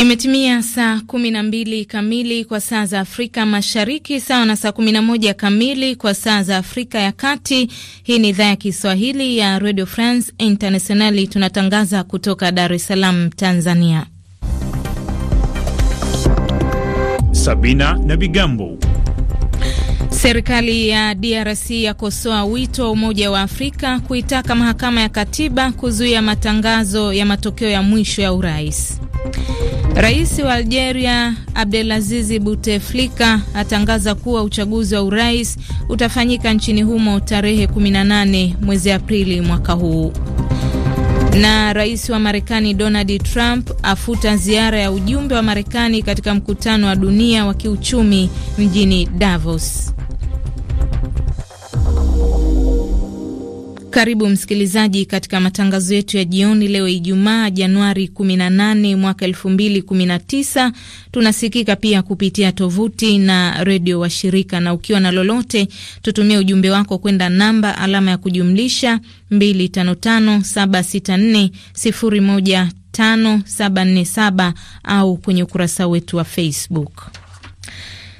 Imetimia saa kumi na mbili kamili kwa saa za Afrika Mashariki, sawa na saa kumi na moja kamili kwa saa za Afrika ya Kati. Hii ni idhaa ya Kiswahili ya Radio France Internationali, tunatangaza kutoka Dar es Salaam, Tanzania. Sabina na Bigambo. Serikali ya DRC yakosoa wito wa Umoja wa Afrika kuitaka mahakama ya katiba kuzuia matangazo ya matokeo ya mwisho ya urais. Rais wa Algeria Abdelaziz Bouteflika atangaza kuwa uchaguzi wa urais utafanyika nchini humo tarehe 18 mwezi Aprili mwaka huu. Na rais wa Marekani Donald Trump afuta ziara ya ujumbe wa Marekani katika mkutano wa dunia wa kiuchumi mjini Davos. Karibu msikilizaji katika matangazo yetu ya jioni leo Ijumaa, Januari 18 mwaka 2019. Tunasikika pia kupitia tovuti na redio wa shirika na ukiwa na lolote, tutumie ujumbe wako kwenda namba alama ya kujumlisha 255764015747 au kwenye ukurasa wetu wa Facebook.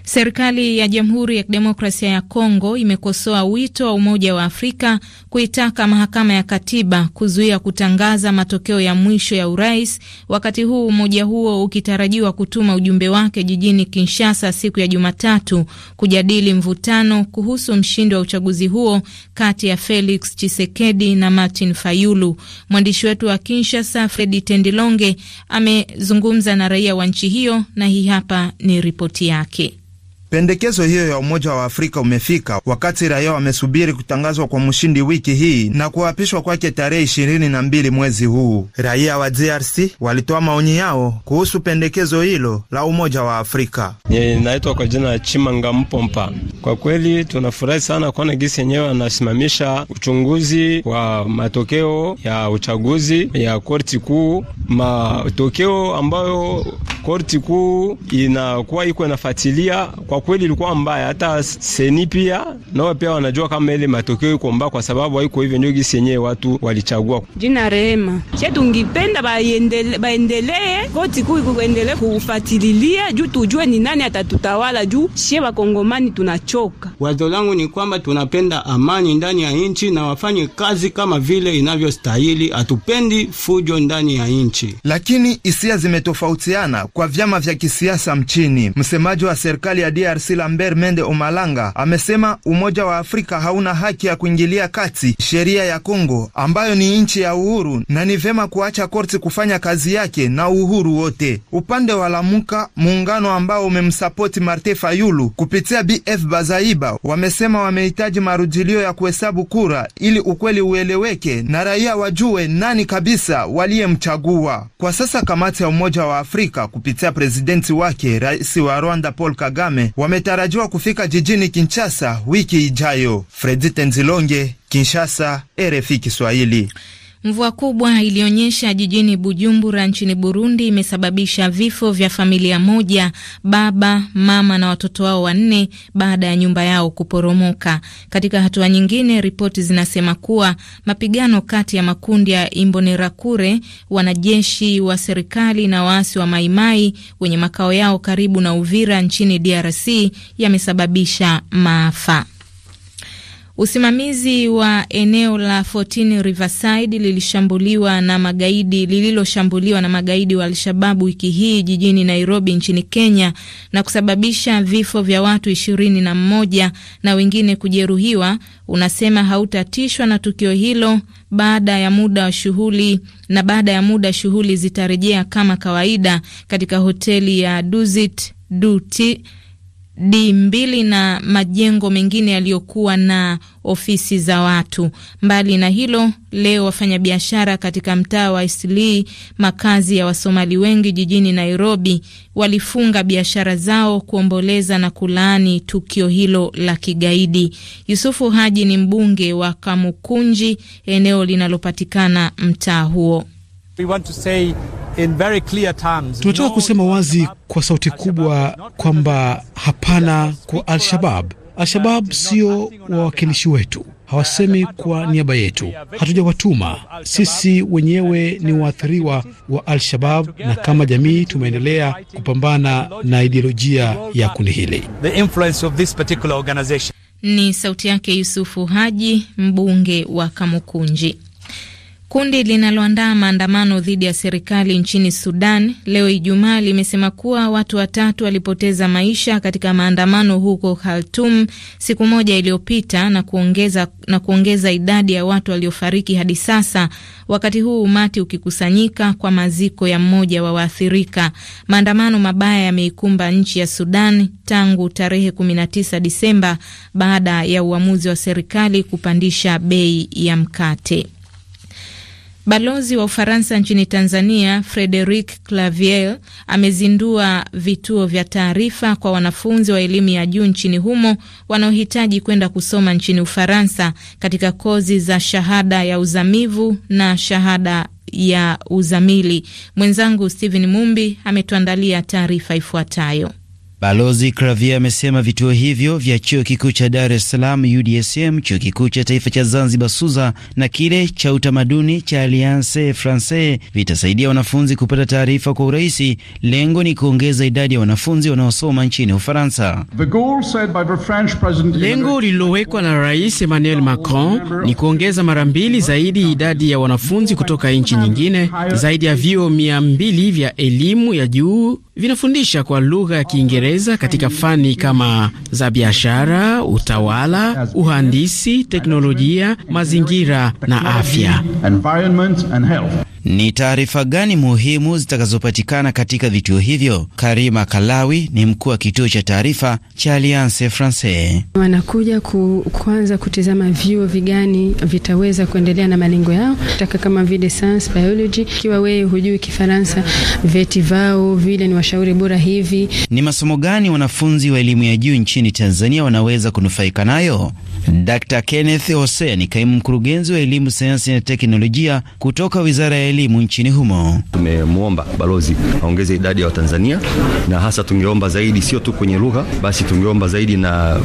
Serikali ya Jamhuri ya Kidemokrasia ya Kongo imekosoa wito wa Umoja wa Afrika kuitaka mahakama ya katiba kuzuia kutangaza matokeo ya mwisho ya urais, wakati huu umoja huo ukitarajiwa kutuma ujumbe wake jijini Kinshasa siku ya Jumatatu kujadili mvutano kuhusu mshindi wa uchaguzi huo kati ya Felix Chisekedi na Martin Fayulu. Mwandishi wetu wa Kinshasa Fredi Tendilonge amezungumza na raia wa nchi hiyo na hii hapa ni ripoti yake. Pendekezo hiyo ya Umoja wa Afrika umefika wakati raia wamesubiri kutangazwa kwa mshindi wiki hii na kuapishwa kwake tarehe ishirini na mbili mwezi huu. Raia wa DRC walitoa maoni yao kuhusu pendekezo hilo la Umoja wa Afrika. Inaitwa kwa jina ya Chimanga Mpompa. Kwa kweli tunafurahi sana kuona gisi yenyewe anasimamisha uchunguzi wa matokeo ya uchaguzi ya korti kuu, matokeo ambayo korti kuu inakuwa iko inafuatilia kwa kwa kweli ilikuwa mbaya, hata seni pia nao pia wanajua kama ile matokeo iko mbaya, kwa sababu haiko hivyo ndio gisi yenyewe watu walichagua. Jina Rehema chetu tungipenda baendelee baendele, koti kuu kuendelee kufuatilia juu tujue ni nani atatutawala, juu sie bakongomani tunachoka. Wazo langu ni kwamba tunapenda amani ndani ya nchi na wafanye kazi kama vile inavyostahili, hatupendi fujo ndani ya nchi. Lakini hisia zimetofautiana kwa vyama vya kisiasa mchini. Msemaji wa serikali ya DRC Lambert Mende Omalanga amesema Umoja wa Afrika hauna haki ya kuingilia kati sheria ya Kongo ambayo ni nchi ya uhuru na ni vema kuacha korti kufanya kazi yake na uhuru wote. Upande wa Lamuka, muungano ambao umemsapoti Marte Fayulu kupitia BF Bazaiba, wamesema wamehitaji marujilio ya kuhesabu kura ili ukweli ueleweke na raia wajue nani kabisa waliyemchagua. Kwa sasa kamati ya Umoja wa Afrika kupitia prezidenti wake Rais wa Rwanda Paul Kagame wametarajiwa kufika jijini Kinshasa wiki ijayo. Fredi Tenzilonge, Kinshasa, RFI Kiswahili. Mvua kubwa iliyonyesha jijini Bujumbura nchini Burundi imesababisha vifo vya familia moja, baba, mama na watoto wao wanne baada ya nyumba yao kuporomoka. Katika hatua nyingine, ripoti zinasema kuwa mapigano kati ya makundi ya Imbonerakure, wanajeshi wa serikali na waasi wa Maimai wenye makao yao karibu na Uvira nchini DRC yamesababisha maafa. Usimamizi wa eneo la 14 Riverside lilishambuliwa na magaidi lililoshambuliwa na magaidi wa Alshababu wiki hii jijini Nairobi nchini Kenya na kusababisha vifo vya watu ishirini na mmoja na wengine kujeruhiwa, unasema hautatishwa na tukio hilo baada ya muda wa shughuli na baada ya muda shughuli zitarejea kama kawaida katika hoteli ya Dusit Duty D 2 na majengo mengine yaliyokuwa na ofisi za watu. Mbali na hilo, leo wafanyabiashara katika mtaa wa Isilii, makazi ya Wasomali wengi jijini Nairobi, walifunga biashara zao kuomboleza na kulaani tukio hilo la kigaidi. Yusufu Haji ni mbunge wa Kamukunji, eneo linalopatikana mtaa huo. Tunataka kusema wazi kwa sauti kubwa kwamba hapana kwa Al-Shabab. Al-Shabab sio wawakilishi wetu, hawasemi kwa niaba yetu, hatujawatuma. Sisi wenyewe ni waathiriwa wa Al-Shabab, na kama jamii tumeendelea kupambana na ideolojia ya kundi hili. Ni sauti yake Yusufu Haji, mbunge wa Kamukunji. Kundi linaloandaa maandamano dhidi ya serikali nchini Sudan leo Ijumaa limesema kuwa watu watatu walipoteza maisha katika maandamano huko Khartum siku moja iliyopita na kuongeza, na kuongeza idadi ya watu waliofariki hadi sasa, wakati huu umati ukikusanyika kwa maziko ya mmoja wa waathirika. Maandamano mabaya yameikumba nchi ya Sudan tangu tarehe 19 Disemba baada ya uamuzi wa serikali kupandisha bei ya mkate. Balozi wa Ufaransa nchini Tanzania Frederic Claviel amezindua vituo vya taarifa kwa wanafunzi wa elimu ya juu nchini humo wanaohitaji kwenda kusoma nchini Ufaransa katika kozi za shahada ya uzamivu na shahada ya uzamili. Mwenzangu Steven Mumbi ametuandalia taarifa ifuatayo. Balozi Kravia amesema vituo hivyo vya chuo kikuu cha Dar es Salaam UDSM, chuo kikuu cha taifa cha Zanzibar SUZA na kile cha utamaduni cha Alliance Francaise vitasaidia wanafunzi kupata taarifa kwa urahisi. Lengo ni kuongeza idadi ya wanafunzi wanaosoma nchini Ufaransa. Lengo lililowekwa na Rais Emmanuel Macron ni kuongeza mara mbili zaidi idadi ya wanafunzi kutoka nchi nyingine. Zaidi ya vyuo mia mbili vya elimu ya juu vinafundisha kwa lugha ya Kiingereza Uingereza katika fani kama za biashara, utawala, uhandisi, teknolojia, mazingira na afya. Ni taarifa gani muhimu zitakazopatikana katika vituo hivyo? Karima Kalawi ni mkuu wa kituo cha taarifa cha Alliance Francaise. Wanakuja ku, kuanza kutizama vyuo vigani vitaweza kuendelea na malengo yao taka kama vile science, biology. Ikiwa wewe hujui Kifaransa, veti vao vile ni washauri bora hivi. Ni masomo gani wanafunzi wa elimu ya juu nchini Tanzania wanaweza kunufaika nayo? Dr Kenneth Hosea ni kaimu mkurugenzi wa elimu, sayansi na teknolojia kutoka wizara ya elimu nchini humo. Tumemwomba balozi aongeze idadi ya Watanzania na hasa tungeomba zaidi, sio tu kwenye lugha, basi tungeomba zaidi na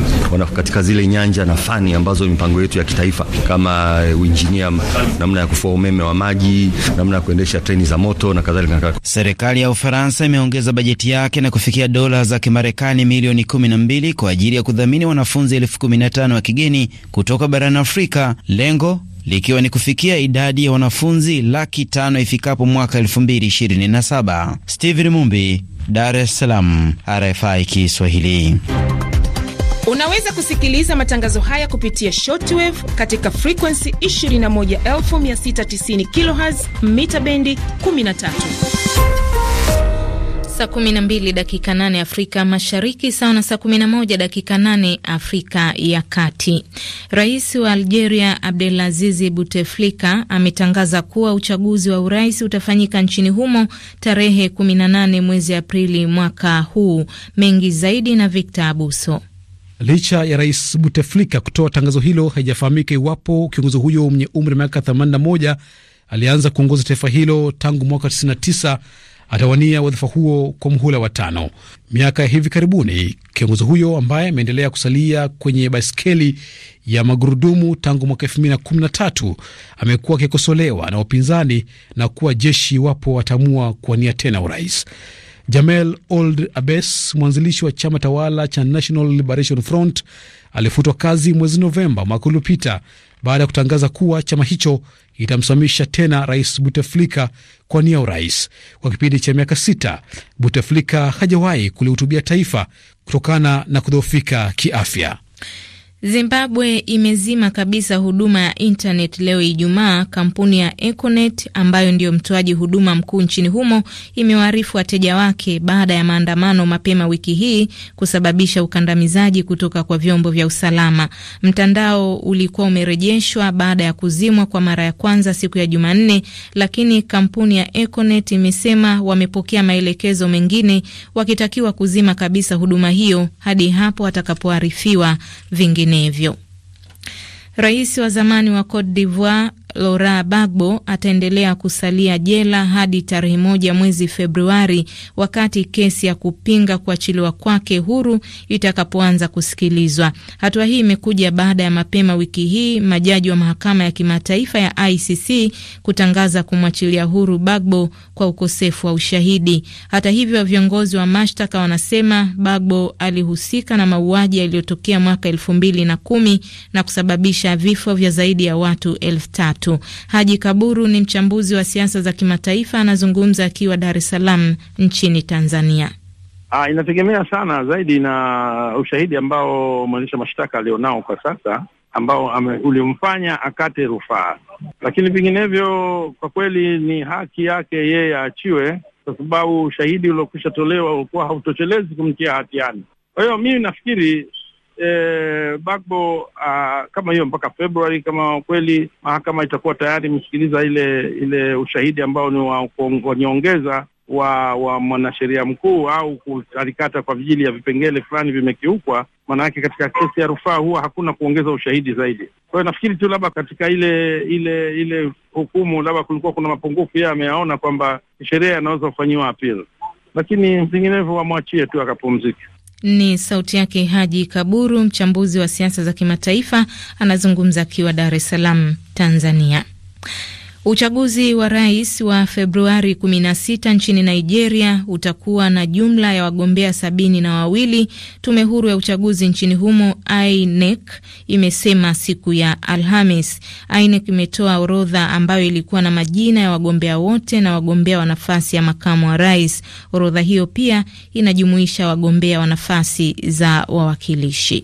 katika zile nyanja na fani ambazo mipango yetu ya kitaifa kama uinjinia, namna ya kufua umeme wa maji, namna ya kuendesha treni za moto na kadhalika. Serikali ya Ufaransa imeongeza bajeti yake na kufikia dola za Kimarekani milioni 12 kwa ajili ya kudhamini wanafunzi elfu kumi na tano wa kigeni 80 kutoka barani Afrika, lengo likiwa ni kufikia idadi ya wanafunzi laki tano ifikapo mwaka 227 Steven Mumbi, Dar es Salaam, RFI Kiswahili. Unaweza kusikiliza matangazo haya kupitia shortwave katika frekuensi 21690 kHz mita bendi 13 saa 12 dakika 8 Afrika Mashariki, sawa na saa 11 dakika 8 Afrika ya Kati. Rais wa Algeria azizi Buteflika ametangaza kuwa uchaguzi wa urais utafanyika nchini humo tarehe 18 mwezi Aprili mwaka huu. Mengi zaidi na Victor Abuso. Licha ya rais Buteflika kutoa tangazo hilo, haijafahamika iwapo kiongozi huyo mwenye umri wa miaka 81 alianza kuongoza taifa hilo tangu mwaka 99 atawania wadhifa huo kwa mhula wa tano. Miaka ya hivi karibuni, kiongozi huyo ambaye ameendelea kusalia kwenye baiskeli ya magurudumu tangu mwaka elfu mbili na kumi na tatu amekuwa akikosolewa na wapinzani na kuwa jeshi iwapo wataamua kuwania tena urais. Jamel Old Abes, mwanzilishi wa chama tawala cha National Liberation Front, alifutwa kazi mwezi Novemba mwaka uliopita baada ya kutangaza kuwa chama hicho itamsimamisha tena Rais Buteflika kwa nia urais. Kwa kipindi cha miaka sita, Buteflika hajawahi kulihutubia taifa kutokana na kudhoofika kiafya. Zimbabwe imezima kabisa huduma ya intnet leo Ijumaa. Kampuni ya Econet ambayo ndiyo mtoaji huduma mkuu nchini humo imewaarifu wateja wake baada ya maandamano mapema wiki hii kusababisha ukandamizaji kutoka kwa vyombo vya usalama. Mtandao ulikuwa umerejeshwa baada ya kuzimwa kwa mara ya kwanza siku ya Jumanne, lakini kampuni ya Econet imesema wamepokea maelekezo mengine, wakitakiwa kuzima kabisa huduma hiyo hadi hapo watakapoarifiwa vingine vinginevyo. Rais wa zamani wa Cote d'Ivoire Laurent bagbo ataendelea kusalia jela hadi tarehe moja mwezi Februari, wakati kesi ya kupinga kuachiliwa kwake huru itakapoanza kusikilizwa. Hatua hii imekuja baada ya mapema wiki hii majaji wa mahakama ya kimataifa ya ICC kutangaza kumwachilia huru Bagbo kwa ukosefu wa ushahidi. Hata hivyo, viongozi wa mashtaka wanasema Bagbo alihusika na mauaji yaliyotokea mwaka elfu mbili na kumi na kusababisha vifo vya zaidi ya watu elfu tatu tatu. Haji Kaburu ni mchambuzi wa siasa za kimataifa, anazungumza akiwa Dar es Salaam nchini Tanzania. Ah, inategemea sana zaidi na ushahidi ambao mwendesha mashtaka alionao kwa sasa ambao ulimfanya akate rufaa, lakini vinginevyo kwa kweli ni haki yake yeye aachiwe, kwa sababu ushahidi uliokwisha tolewa ulikuwa hautoshelezi kumtia hatiani. Kwa hiyo mimi nafikiri eh, Bagbo ah, kama hiyo mpaka Februari, kama kweli mahakama itakuwa tayari imesikiliza ile ile ushahidi ambao ni wanyongeza wa wa mwanasheria mkuu au kutarikata kwa vijili ya vipengele fulani vimekiukwa. Maanake katika kesi ya rufaa huwa hakuna kuongeza ushahidi zaidi. Kwa hiyo nafikiri tu labda katika ile ile ile hukumu labda kulikuwa kuna mapungufu, yeye ameyaona kwamba sheria inaweza kufanyiwa apil lakini vinginevyo wamwachie tu akapumzike. Ni sauti yake Haji Kaburu, mchambuzi wa siasa za kimataifa, anazungumza akiwa Dar es Salaam, Tanzania. Uchaguzi wa rais wa Februari 16 nchini Nigeria utakuwa na jumla ya wagombea sabini na wawili, tume huru ya uchaguzi nchini humo INEC imesema siku ya Alhamis. INEC imetoa orodha ambayo ilikuwa na majina ya wagombea wote na wagombea wa nafasi ya makamu wa rais. Orodha hiyo pia inajumuisha wagombea wa nafasi za wawakilishi.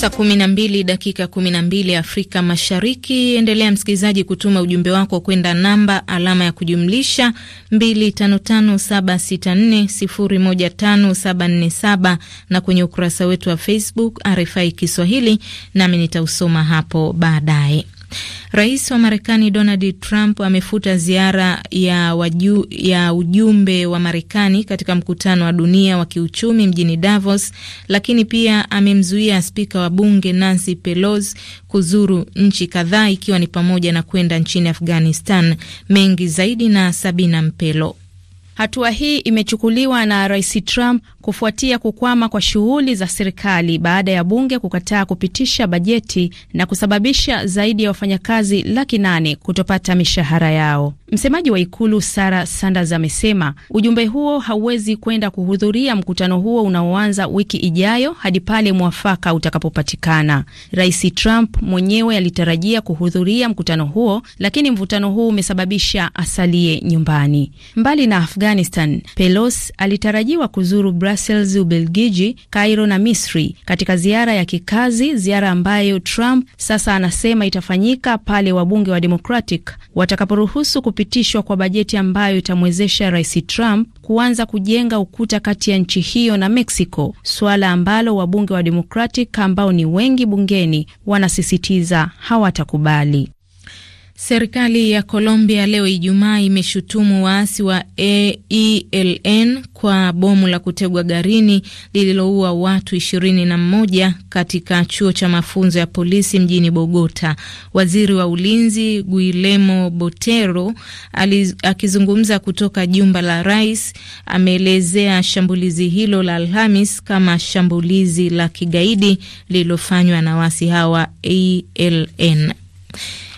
Saa kumi na mbili dakika kumi na mbili Afrika Mashariki. Endelea msikilizaji kutuma ujumbe wako kwenda namba alama ya kujumlisha 255764015747 na kwenye ukurasa wetu wa Facebook RFI Kiswahili, nami nitausoma hapo baadaye. Rais wa Marekani Donald Trump amefuta ziara ya, waju, ya ujumbe wa Marekani katika mkutano wa dunia wa kiuchumi mjini Davos, lakini pia amemzuia spika wa bunge Nancy Pelosi kuzuru nchi kadhaa ikiwa ni pamoja na kwenda nchini Afghanistan. Mengi zaidi na Sabina Mpelo. Hatua hii imechukuliwa na Rais Trump kufuatia kukwama kwa shughuli za serikali baada ya bunge kukataa kupitisha bajeti na kusababisha zaidi ya wafanyakazi laki nane kutopata mishahara yao. Msemaji wa ikulu Sara Sanders amesema ujumbe huo hauwezi kwenda kuhudhuria mkutano huo unaoanza wiki ijayo hadi pale mwafaka utakapopatikana. Rais Trump mwenyewe alitarajia kuhudhuria mkutano huo, lakini mvutano huu umesababisha asalie nyumbani. Mbali na Afghanistan, Pelosi alitarajiwa kuzuru Brazil Brussels, Ubelgiji, Cairo na Misri katika ziara ya kikazi, ziara ambayo Trump sasa anasema itafanyika pale wabunge wa Democratic watakaporuhusu kupitishwa kwa bajeti ambayo itamwezesha Rais Trump kuanza kujenga ukuta kati ya nchi hiyo na Mexico, suala ambalo wabunge wa Democratic ambao ni wengi bungeni wanasisitiza hawatakubali. Serikali ya Colombia leo Ijumaa imeshutumu waasi wa aeln kwa bomu la kutegwa garini lililoua watu ishirini na mmoja katika chuo cha mafunzo ya polisi mjini Bogota. Waziri wa ulinzi Guillermo Botero aliz, akizungumza kutoka jumba la rais ameelezea shambulizi hilo la Alhamis kama shambulizi la kigaidi lililofanywa na waasi hawa aln e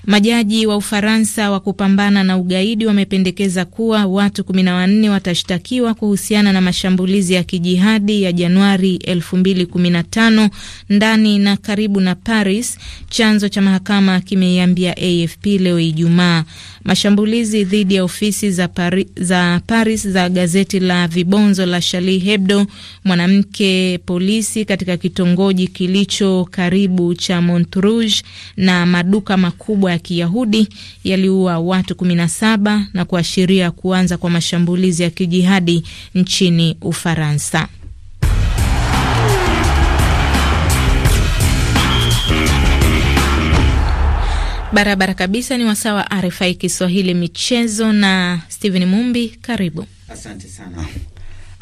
Majaji wa Ufaransa wa kupambana na ugaidi wamependekeza kuwa watu 14 watashtakiwa kuhusiana na mashambulizi ya kijihadi ya Januari 2015 ndani na karibu na Paris, chanzo cha mahakama kimeiambia AFP leo Ijumaa. Mashambulizi dhidi ya ofisi za Paris, za Paris za gazeti la vibonzo la Charlie Hebdo, mwanamke polisi katika kitongoji kilicho karibu cha Montrouge na maduka makubwa ya Kiyahudi yaliua watu 17 na kuashiria kuanza kwa mashambulizi ya kijihadi nchini Ufaransa. Barabara kabisa, ni wasaa wa RFI Kiswahili michezo na Steven Mumbi, karibu. Asante sana.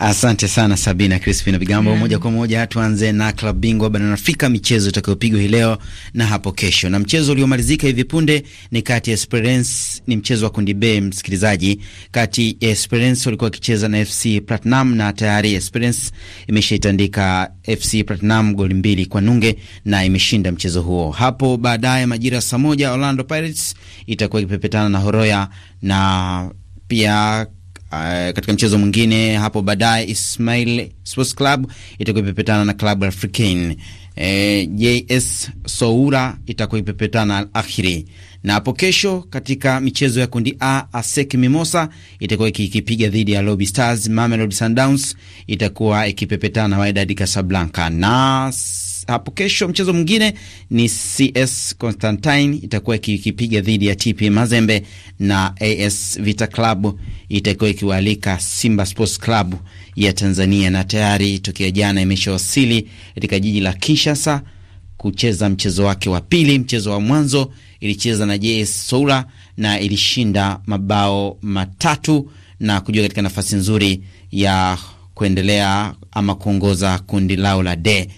Asante sana Sabina Crispin Bigambo. Moja kwa moja tuanze na klab bingwa barani Afrika, michezo itakayopigwa hii leo na hapo kesho, na mchezo uliomalizika hivi punde ni kati ya Esperance, ni mchezo wa kundi B, msikilizaji, kati ya Esperance walikuwa wakicheza na FC Platinum, na tayari Esperance imeshaitandika FC Platinum goli mbili kwa nunge na imeshinda mchezo huo. Hapo baadaye majira ya saa moja Orlando Pirates itakuwa ikipepetana na Horoya na pia Uh, katika mchezo mwingine hapo baadaye Ismail Sports Club itakuwa ipepetana na Club african E, eh, JS Soura itakuwa ipepetana Al Akhiri. Na hapo kesho katika michezo ya kundi A ASEC Mimosa itakuwa ikipiga dhidi ya Lobi Stars, Mamelodi Sundowns itakuwa ikipepetana na Wydad Casablanca. Na hapo kesho. Mchezo mwingine ni CS Constantine itakuwa ikipiga dhidi ya TP Mazembe na AS Vita Club itakuwa ikiwaalika Simba Sports Club ya Tanzania, na tayari tokea jana imeshawasili katika jiji la Kinshasa kucheza mchezo wake wa pili. Mchezo wa mwanzo ilicheza na JS Soula na ilishinda mabao matatu na kujua katika nafasi nzuri ya kuendelea ama kuongoza kundi lao la D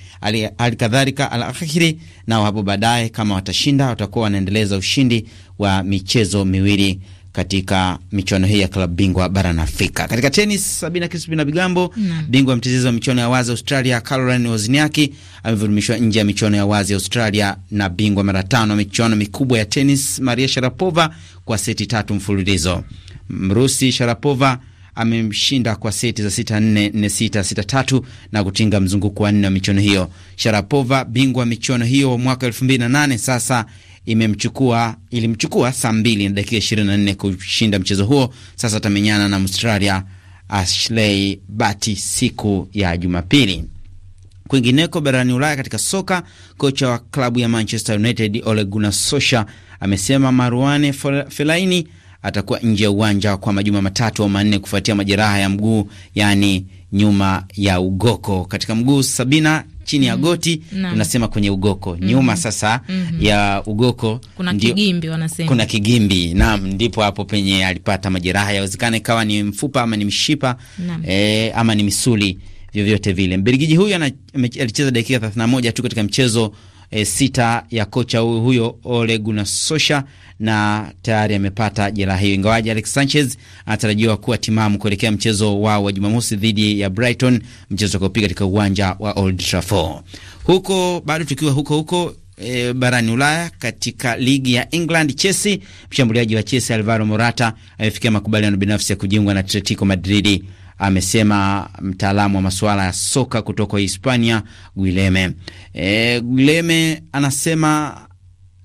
alikadhalika Al Akhiri, nao hapo baadaye kama watashinda watakuwa wanaendeleza ushindi wa michezo miwili katika michuano hii ya klabu bingwa barani Afrika. Katika tenis, Sabina na Bigambo, bingwa mtetezi wa michuano ya wazi Australia Caroline Wozniacki amevurumishwa nje ya michuano ya wazi Australia na bingwa mara tano michuano mikubwa ya tenis Maria Sharapova kwa seti tatu mfululizo. Mrusi Sharapova amemshinda kwa seti za 6-4, 4-6, 3 na kutinga mzunguko wa nne wa michuano hiyo. Sharapova, bingwa wa michuano hiyo mwaka 2008, sasa imemchukua ilimchukua saa 2 na dakika 24 kushinda mchezo huo. Sasa atamenyana na Australia Ashley Barty siku ya Jumapili. Kwingineko barani Ulaya, katika soka, kocha wa klabu ya Manchester United Ole Gunnar Solskjaer amesema Marouane Fellaini atakuwa nje ya uwanja kwa majuma matatu au manne kufuatia majeraha ya mguu, yani nyuma ya ugoko katika mguu sabina chini ya mm. goti mm. tunasema kwenye ugoko mm. nyuma sasa mm -hmm. ya ugoko kuna ndio, kigimbi wanasema kuna kigimbi naam, ndipo hapo penye alipata majeraha, yawezekana ikawa ni mfupa ama ni mshipa e, eh, ama ni misuli, vyovyote vile mbirigiji huyu alicheza dakika 31 tu katika mchezo e, sita ya kocha huyo Ole Gunnar Solskjaer na tayari amepata jeraha hiyo, ingawaje Alex Sanchez anatarajiwa kuwa timamu kuelekea mchezo wao wa Jumamosi dhidi ya Brighton, mchezo utakaopigwa katika uwanja wa Old Trafford. Huko bado tukiwa huko huko E, barani Ulaya katika ligi ya England, Chelsea, mshambuliaji wa Chelsea Alvaro Morata amefikia makubaliano binafsi ya kujiunga na Atletico Madridi amesema mtaalamu wa masuala ya soka kutoka Hispania Guileme. E, Guileme anasema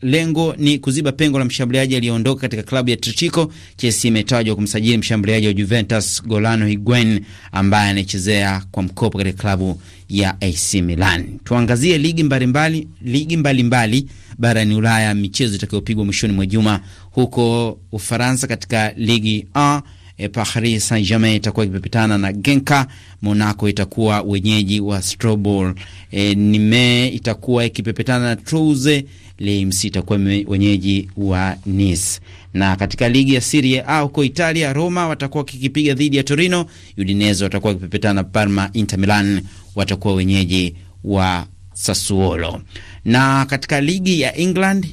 lengo ni kuziba pengo la mshambuliaji aliyeondoka katika klabu ya Trichico. Chelsea imetajwa kumsajili mshambuliaji wa Juventus Golano Higuain ambaye anachezea kwa mkopo katika klabu ya AC Milan. Tuangazie ligi mbalimbali, ligi mbalimbali barani Ulaya, michezo itakayopigwa mwishoni mwa juma huko Ufaransa katika ligi A e, Paris Saint-Germain itakuwa ikipepetana na Genka. Monaco itakuwa wenyeji wa Strasbourg. E, Nime itakuwa ikipepetana na Toulouse. Reims itakuwa wenyeji wa Nice. Na katika ligi ya Serie A huko Italia, Roma watakuwa kikipiga dhidi ya Torino, Udinese watakuwa wakipepetana Parma, Inter Milan watakuwa wenyeji wa Sassuolo. Na katika ligi ya England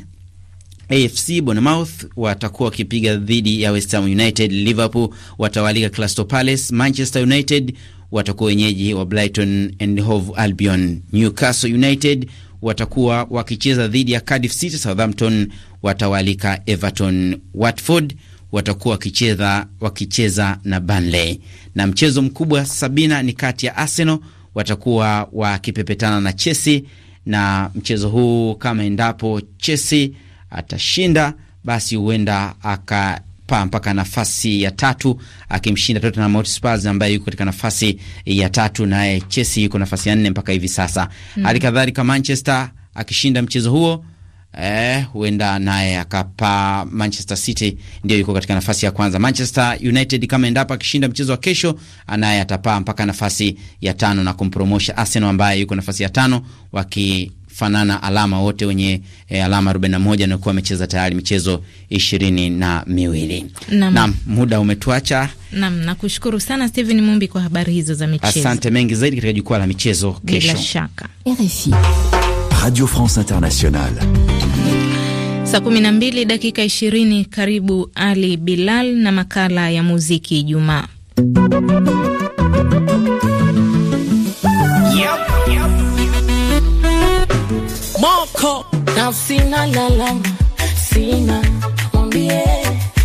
AFC Bournemouth watakuwa wakipiga dhidi ya West Ham United. Liverpool watawalika Crystal Palace. Manchester United watakuwa wenyeji wa Brighton and Hove Albion. Newcastle United watakuwa wakicheza dhidi ya Cardiff City. Southampton watawalika Everton. Watford watakuwa wakicheza wakicheza na Burnley, na mchezo mkubwa sabina ni kati ya Arsenal watakuwa wakipepetana na Chelsea, na mchezo huu kama endapo Chelsea atashinda basi huenda akapaa mpaka nafasi ya tatu akimshinda Tottenham Hotspur ambaye yuko katika nafasi ya tatu, naye Chelsea yuko nafasi ya nne mpaka hivi sasa. Mm-hmm. Hali kadhalika Manchester akishinda mchezo huo Eh, huenda naye akapaa. Manchester City ndio yuko katika nafasi ya kwanza. Manchester United kama endapo akishinda mchezo wa kesho, naye atapaa mpaka nafasi ya tano na kumpromosha Arsenal ambaye yuko nafasi ya tano waki fanana alama wote wenye e, alama 41 na kuwa wamecheza tayari michezo ishirini na miwili. Naam, muda umetuacha. Naam, nakushukuru sana Steven Mumbi kwa habari hizo za michezo. Asante, mengi zaidi katika jukwaa la michezo kesho. Bila shaka. RFI. Radio France Internationale. Saa 12 dakika 20, karibu Ali Bilal na makala ya muziki Ijumaa. yako na sina lalama, sina mwambie,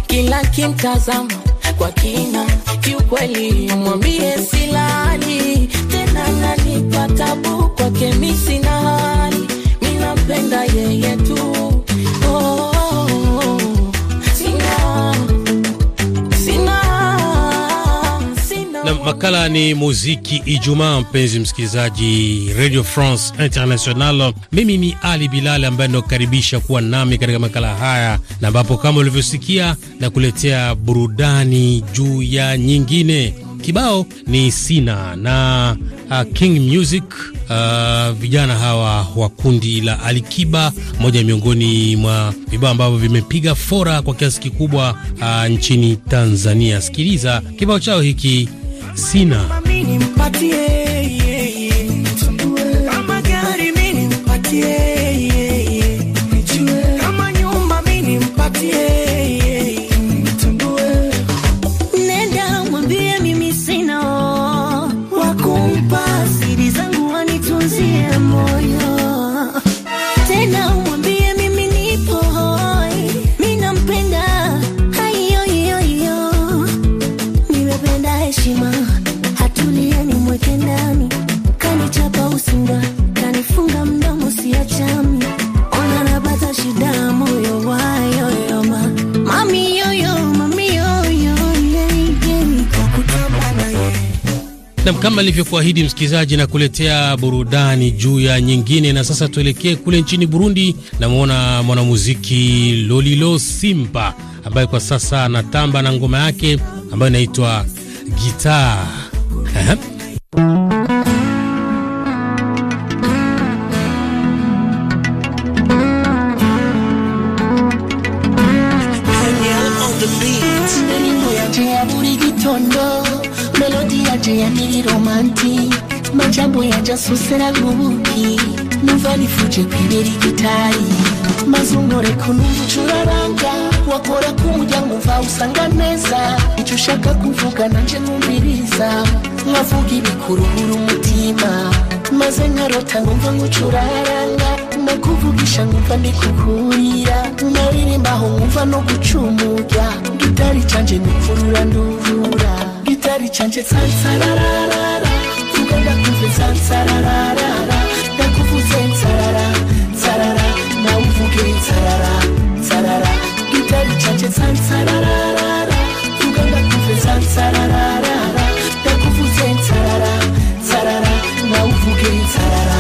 kila kimtazama kwa kina, kiukweli mwambie silali tena, nanipa tabu kwake, mi sina hali, minampenda yeye Makala ni muziki Ijumaa, mpenzi msikilizaji Radio France International. Mimi ni Ali Bilal ambaye ninakukaribisha kuwa nami katika makala haya, na ambapo kama ulivyosikia na kuletea burudani juu ya nyingine. Kibao ni Sina na uh, King Music uh, vijana hawa wa kundi la Alikiba, moja miongoni mwa vibao ambavyo vimepiga fora kwa kiasi kikubwa uh, nchini Tanzania. Sikiliza kibao chao hiki sina Nam, kama nilivyokuahidi msikilizaji, na kuletea burudani juu ya nyingine. Na sasa tuelekee kule nchini Burundi. Namwona mwanamuziki Lolilo Simba ambaye kwa sasa anatamba na ngoma yake ambayo inaitwa Gitaa. romantic majambo yajasusera rubuki numva nifuje kwibera igitari maze unkoreko numva ucuraranga wakora k'umuryango umva usanga neza icyo ushaka kuvuga nanje numviriza nkavuga ibikuruhura umutima maze nkarota numva nkucuraranga nakuvugisha nkumva ndikukurira naririmbaho nkumva no gucumurya gitari canje nikurura nduvura chitari chanje tsansarararara tukanda kunze tsansarararara ndakufuse tsarara tsarara nauvuke tsarara tsarara gitari chanje tsansarararara tukanda kunze tsansarararara ndakufuse tsarara tsarara nauvuke tsarara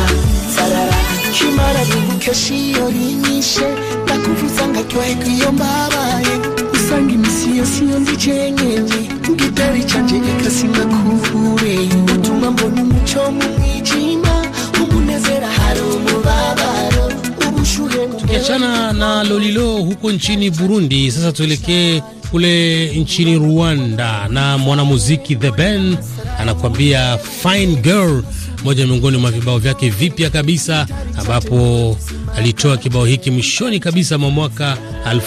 tsarara chimara rivukeshiyo rinyishe ndakufuzanga twaikiyombavaye usangi misiyosiyo ndichenyenye Kidari utuma mbona mu mwijima umunezera hari umubabaro ubushuhe tukiachana na lolilo huko nchini Burundi. Sasa tuelekee kule nchini Rwanda na mwanamuziki The Ben anakuambia Fine Girl, moja miongoni mwa vibao vyake vipya kabisa, ambapo alitoa kibao hiki mwishoni kabisa mwa mwaka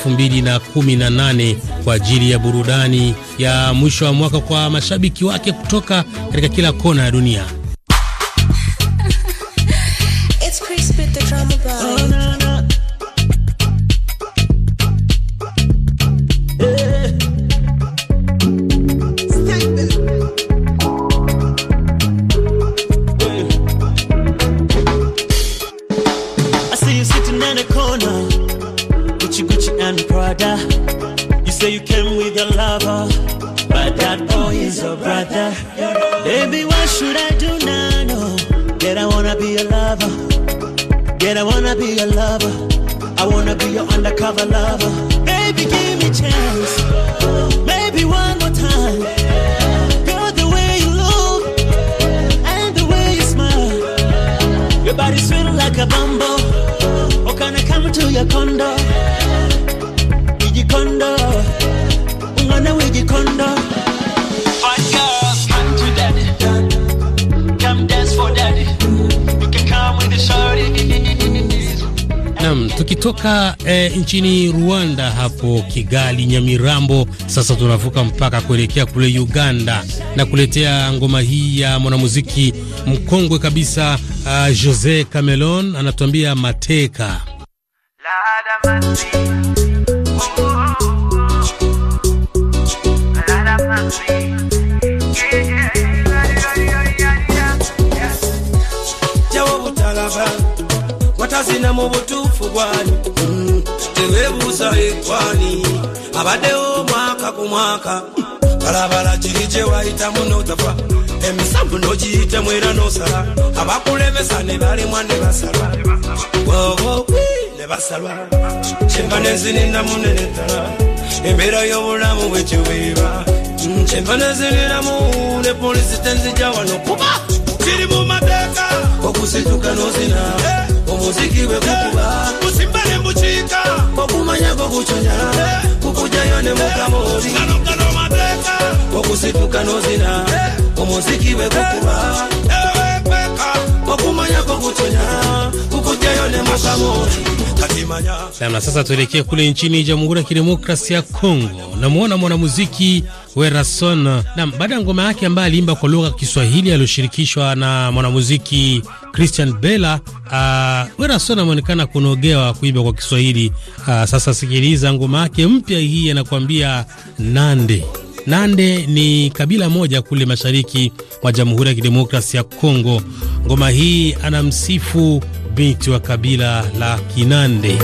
2018 kwa ajili ya burudani ya mwisho wa mwaka kwa mashabiki wake kutoka katika kila kona ya dunia. and Prada. You say you came with a lover, but that boy is your brother. Baby, what should I do now? No, yet I wanna be your lover. Yet I wanna be your lover. I wanna be your undercover lover. Baby, give me chance. Maybe one more time. You're you the the way way look and smile. Your body's feeling like a bumble. Oh, can I come to your condo? Tukitoka e, nchini Rwanda hapo Kigali Nyamirambo, sasa tunavuka mpaka kuelekea kule Uganda na kuletea ngoma hii ya mwanamuziki mkongwe kabisa uh, Jose Camelon anatuambia mateka la kasina mu butuufu gwani hmm, kitewebuusa egwani abaddewo mwaka ku mwaka balabala kiri gye wayitamu n'otafa emisambu n'ogiyitemu era n'osala abakulemesa ne balemwa ne basalwa bobobi ne basalwa kyemba nenzininamu nene ddala embeera y'obulamu bwe kyeweeba hmm, kyemba nenziniramu ne polisi tenzijja wano kuba kiri mu mateeka okusituka n'ozina muziki we kukuba musimbale mbuchika okumanya kokuconya kukujayo ne mukamoli okusituka nozina omuziki we kukuba okumanya kokuconya na sasa tuelekee kule nchini Jamhuri ya Kidemokrasia ya Kongo. Namwona mwanamuziki Werason nam, baada ya ngoma yake ambaye aliimba kwa lugha ya Kiswahili aliyoshirikishwa na mwanamuziki Christian Bella. Uh, Werason ameonekana kunogewa kuimba kwa Kiswahili. Uh, sasa sikiliza ngoma yake mpya hii, anakuambia Nande. Nande ni kabila moja kule mashariki mwa Jamhuri ya kidemokrasi ya Kongo. Ngoma hii anamsifu binti wa kabila la Kinande.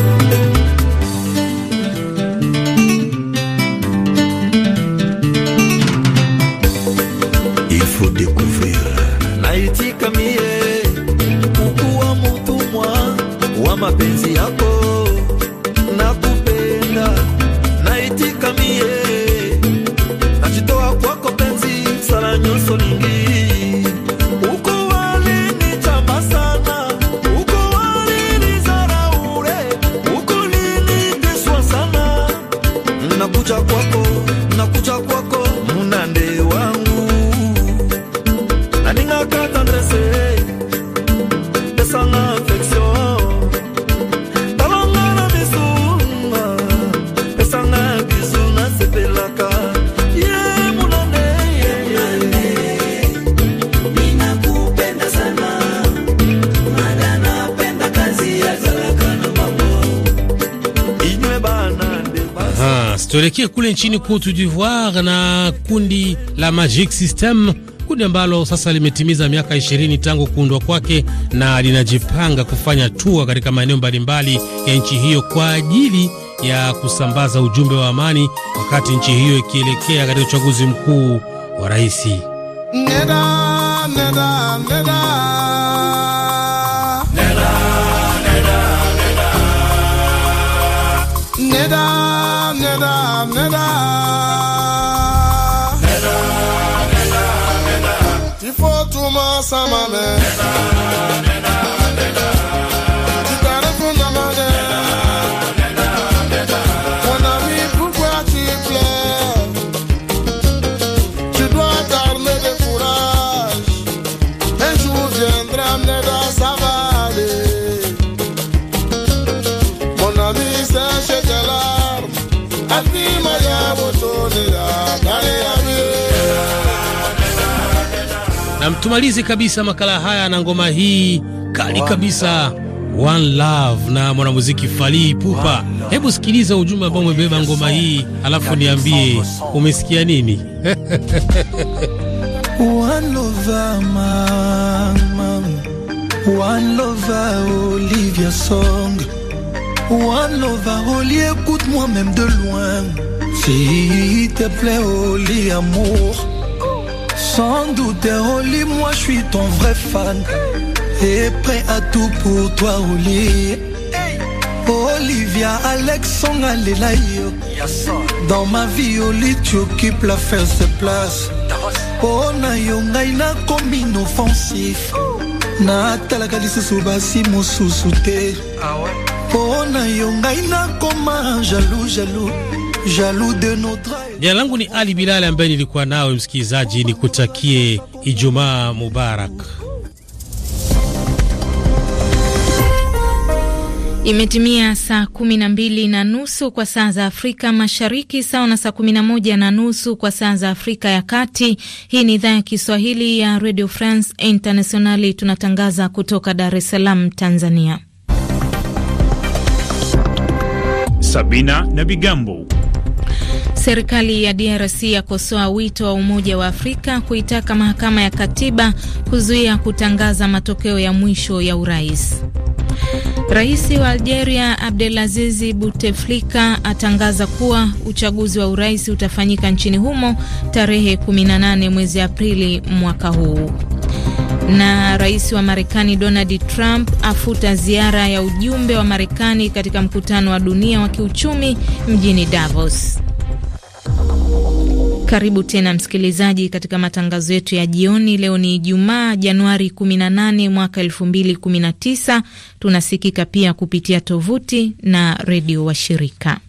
Tuelekee kule nchini Cote d'Ivoire na kundi la Magic System, kundi ambalo sasa limetimiza miaka 20 tangu kuundwa kwake na linajipanga kufanya tua katika maeneo mbalimbali ya nchi hiyo kwa ajili ya kusambaza ujumbe wa amani, wakati nchi hiyo ikielekea katika uchaguzi mkuu wa rais. am neda neda neda neda tifo tuma samame neda neda tumalize kabisa makala haya na ngoma hii kali kabisa One Love na mwanamuziki Fali Pupa. Hebu sikiliza ujumbe ambao umebeba ngoma hii, alafu niambie umesikia nini? One lover mama, one lover Olivia Song, one lover Holy, écoute moi même de loin s'il te plaît Holy amour Sans doute Oli, oh, moi je suis ton vrai fan Et prêt à tout pour toi Oli Olivia Alexon a yo Dans ma vie Oli tu occupes la first place Oh yo ngai combine offensif. natalaka lisusu ah basi oh, mosusu te un yo comme un jaloux-jaloux Jina langu ni Ali Bilali ambaye nilikuwa nawe msikilizaji, ni kutakie Ijumaa Mubarak. Imetimia saa kumi na mbili na nusu kwa saa za Afrika Mashariki, sawa na saa kumi na moja na nusu kwa saa za Afrika ya Kati. Hii ni idhaa ya Kiswahili ya Radio France Internationali, tunatangaza kutoka Dar es Salaam, Tanzania. Sabina na Bigambo Serikali ya DRC yakosoa wito wa Umoja wa Afrika kuitaka mahakama ya katiba kuzuia kutangaza matokeo ya mwisho ya urais. Rais wa Algeria Abdelaziz Bouteflika atangaza kuwa uchaguzi wa urais utafanyika nchini humo tarehe 18 mwezi Aprili mwaka huu. Na rais wa Marekani Donald Trump afuta ziara ya ujumbe wa Marekani katika mkutano wa dunia wa kiuchumi mjini Davos. Karibu tena msikilizaji, katika matangazo yetu ya jioni. Leo ni Ijumaa, Januari 18 mwaka 2019. Tunasikika pia kupitia tovuti na redio washirika.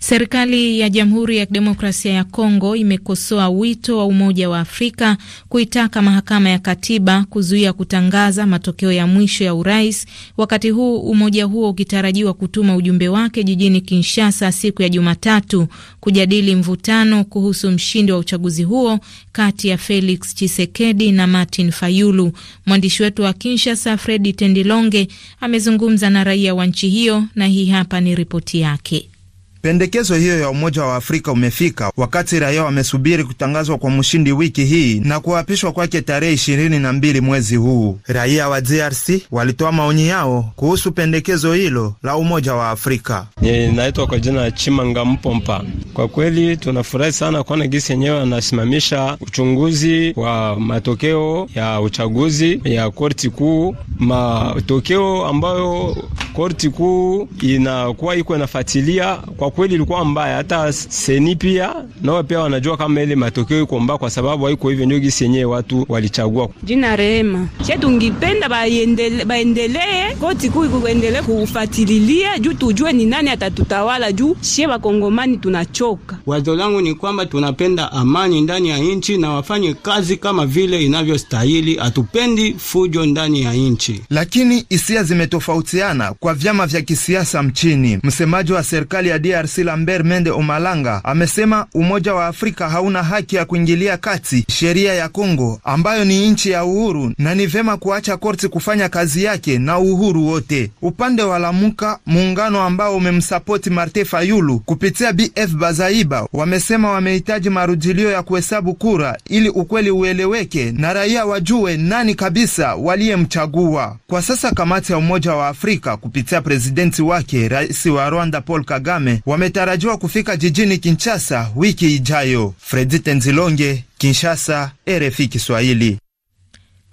Serikali ya Jamhuri ya Kidemokrasia ya Kongo imekosoa wito wa Umoja wa Afrika kuitaka mahakama ya katiba kuzuia kutangaza matokeo ya mwisho ya urais, wakati huu umoja huo ukitarajiwa kutuma ujumbe wake jijini Kinshasa siku ya Jumatatu kujadili mvutano kuhusu mshindi wa uchaguzi huo kati ya Felix chisekedi na Martin Fayulu. Mwandishi wetu wa Kinshasa Fredi Tendilonge amezungumza na raia wa nchi hiyo na hii hapa ni ripoti yake. Pendekezo hiyo ya Umoja wa Afrika umefika wakati raia wamesubiri kutangazwa kwa mshindi wiki hii na kuapishwa kwake tarehe ishirini na mbili mwezi huu. Raia wa DRC walitoa maoni yao kuhusu pendekezo hilo la Umoja wa Afrika. Naitwa kwa jina ya Chimanga Mpompa. Kwa kweli tunafurahi sana kuona gisi yenyewe anasimamisha uchunguzi wa matokeo ya uchaguzi ya korti kuu, matokeo ambayo korti kuu inakuwa iko inafuatilia. Kwa kweli ilikuwa mbaya, hata seni pia nao pia wanajua kama ile matokeo iko mbaya, kwa sababu haiko hivyo, ndio gisi yenyewe watu walichagua. Jina Rehema chetu tungipenda baendelee baendelee, korti kuu ikuendelee kufuatilia juu tujue ni nani atatutawala, juu sie wakongomani tunacho kutoka. Wazo langu ni kwamba tunapenda amani ndani ya nchi na wafanye kazi kama vile inavyostahili, hatupendi fujo ndani ya nchi. Lakini hisia zimetofautiana kwa vyama vya kisiasa mchini. Msemaji wa serikali ya DRC Lambert Mende Omalanga amesema Umoja wa Afrika hauna haki ya kuingilia kati sheria ya Kongo ambayo ni nchi ya uhuru na ni vema kuacha korti kufanya kazi yake na uhuru wote. Upande wa Lamuka, muungano ambao umemsapoti Marte Fayulu kupitia BF Bazali Zaiba wamesema wamehitaji marudilio ya kuhesabu kura ili ukweli ueleweke na raia wajue nani kabisa waliyemchagua. Kwa sasa kamati ya Umoja wa Afrika kupitia prezidenti wake rais wa Rwanda Paul Kagame wametarajiwa kufika jijini Kinshasa wiki ijayo. Fredi Tenzilonge, Kinshasa, RFI Kiswahili.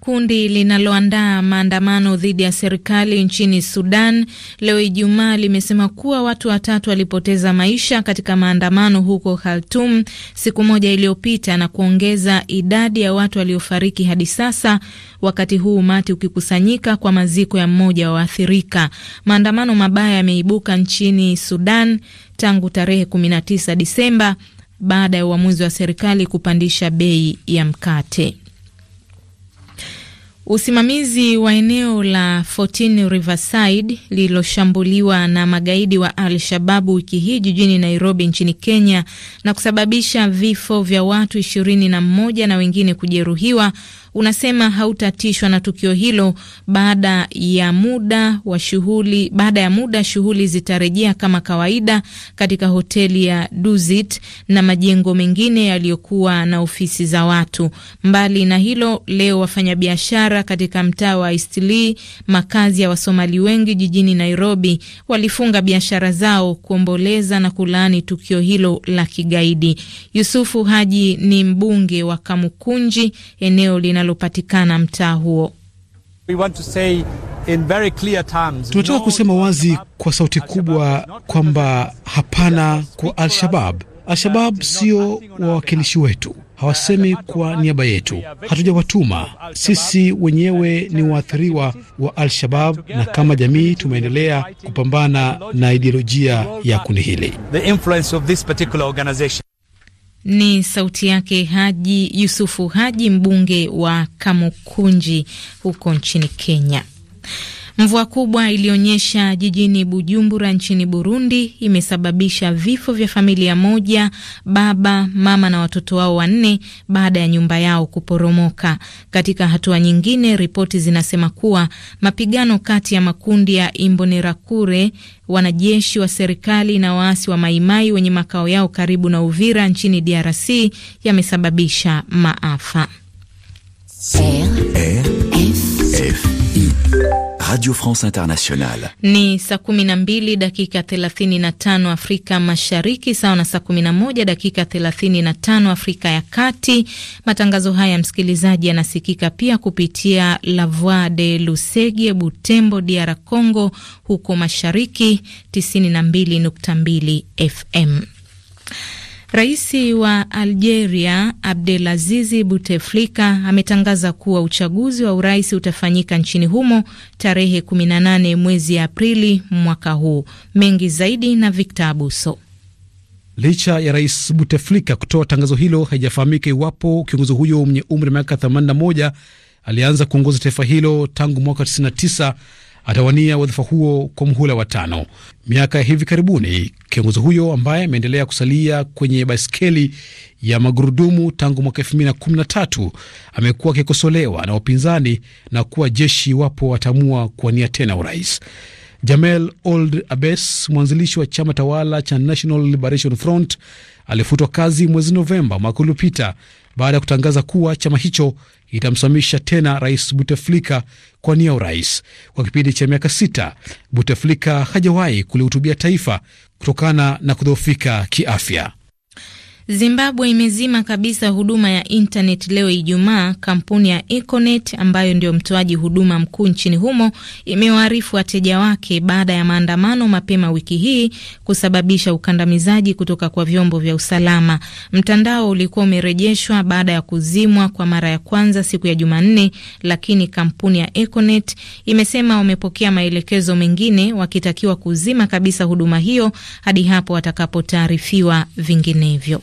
Kundi linaloandaa maandamano dhidi ya serikali nchini Sudan leo Ijumaa limesema kuwa watu watatu walipoteza maisha katika maandamano huko Khartum siku moja iliyopita na kuongeza idadi ya watu waliofariki hadi sasa, wakati huu umati ukikusanyika kwa maziko ya mmoja wa waathirika. Maandamano mabaya yameibuka nchini Sudan tangu tarehe 19 Disemba baada ya uamuzi wa serikali kupandisha bei ya mkate. Usimamizi wa eneo la 14 Riverside lililoshambuliwa na magaidi wa Al Shababu wiki hii jijini Nairobi nchini Kenya na kusababisha vifo vya watu 21 na wengine kujeruhiwa unasema hautatishwa na tukio hilo. Baada ya muda wa shughuli, baada ya muda shughuli zitarejea kama kawaida katika hoteli ya Dusit na majengo mengine yaliyokuwa na ofisi za watu. Mbali na hilo, leo wafanyabiashara katika mtaa wa Istilii, makazi ya Wasomali wengi jijini Nairobi, walifunga biashara zao kuomboleza na kulaani tukio hilo la kigaidi. Yusufu Haji ni mbunge wa Kamukunji, eneo lina linalopatikana mtaa huo. Tunataka kusema wazi kwa sauti kubwa kwamba hapana kwa Al-Shabab. Al-Shabab sio wawakilishi wetu, hawasemi kwa niaba yetu, hatujawatuma. Sisi wenyewe ni waathiriwa wa Al-Shabab, na kama jamii tumeendelea kupambana na ideolojia ya kundi hili. Ni sauti yake Haji Yusufu Haji, mbunge wa Kamukunji huko nchini Kenya. Mvua kubwa iliyonyesha jijini Bujumbura nchini Burundi imesababisha vifo vya familia moja, baba, mama na watoto wao wanne, baada ya nyumba yao kuporomoka. Katika hatua nyingine, ripoti zinasema kuwa mapigano kati ya makundi ya Imbonerakure, wanajeshi wa serikali na waasi wa Maimai wenye makao yao karibu na Uvira nchini DRC yamesababisha maafa. R F Radio France Internationale. Ni saa 12 dakika 35 Afrika Mashariki, sawa na saa 11 dakika 35 Afrika ya Kati. Matangazo haya msikilizaji, yanasikika pia kupitia La Voix de Lusege, Butembo, DR Congo, huko Mashariki 92.2 FM. Rais wa Algeria Abdelaziz Bouteflika ametangaza kuwa uchaguzi wa urais utafanyika nchini humo tarehe 18 mwezi Aprili mwaka huu. Mengi zaidi na Victor Abuso. Licha ya rais Bouteflika kutoa tangazo hilo, haijafahamika iwapo kiongozi huyo mwenye umri wa miaka 81 alianza kuongoza taifa hilo tangu mwaka 99 atawania wadhifa huo kwa mhula wa tano. Miaka ya hivi karibuni, kiongozi huyo ambaye ameendelea kusalia kwenye baiskeli ya magurudumu tangu mwaka elfu mbili na kumi na tatu amekuwa akikosolewa na wapinzani na kuwa jeshi iwapo wataamua kuwania tena urais. Jamel Old Abes, mwanzilishi wa chama tawala cha National Liberation Front, alifutwa kazi mwezi Novemba mwaka uliopita baada ya kutangaza kuwa chama hicho itamsimamisha tena Rais Buteflika kwa nia urais kwa kipindi cha miaka sita. Buteflika hajawahi kulihutubia taifa kutokana na kudhoofika kiafya. Zimbabwe imezima kabisa huduma ya intanet leo Ijumaa. Kampuni ya Econet ambayo ndio mtoaji huduma mkuu nchini humo imewaarifu wateja wake baada ya maandamano mapema wiki hii kusababisha ukandamizaji kutoka kwa vyombo vya usalama. Mtandao ulikuwa umerejeshwa baada ya kuzimwa kwa mara ya kwanza siku ya Jumanne, lakini kampuni ya Econet imesema wamepokea maelekezo mengine, wakitakiwa kuzima kabisa huduma hiyo hadi hapo watakapotaarifiwa vinginevyo.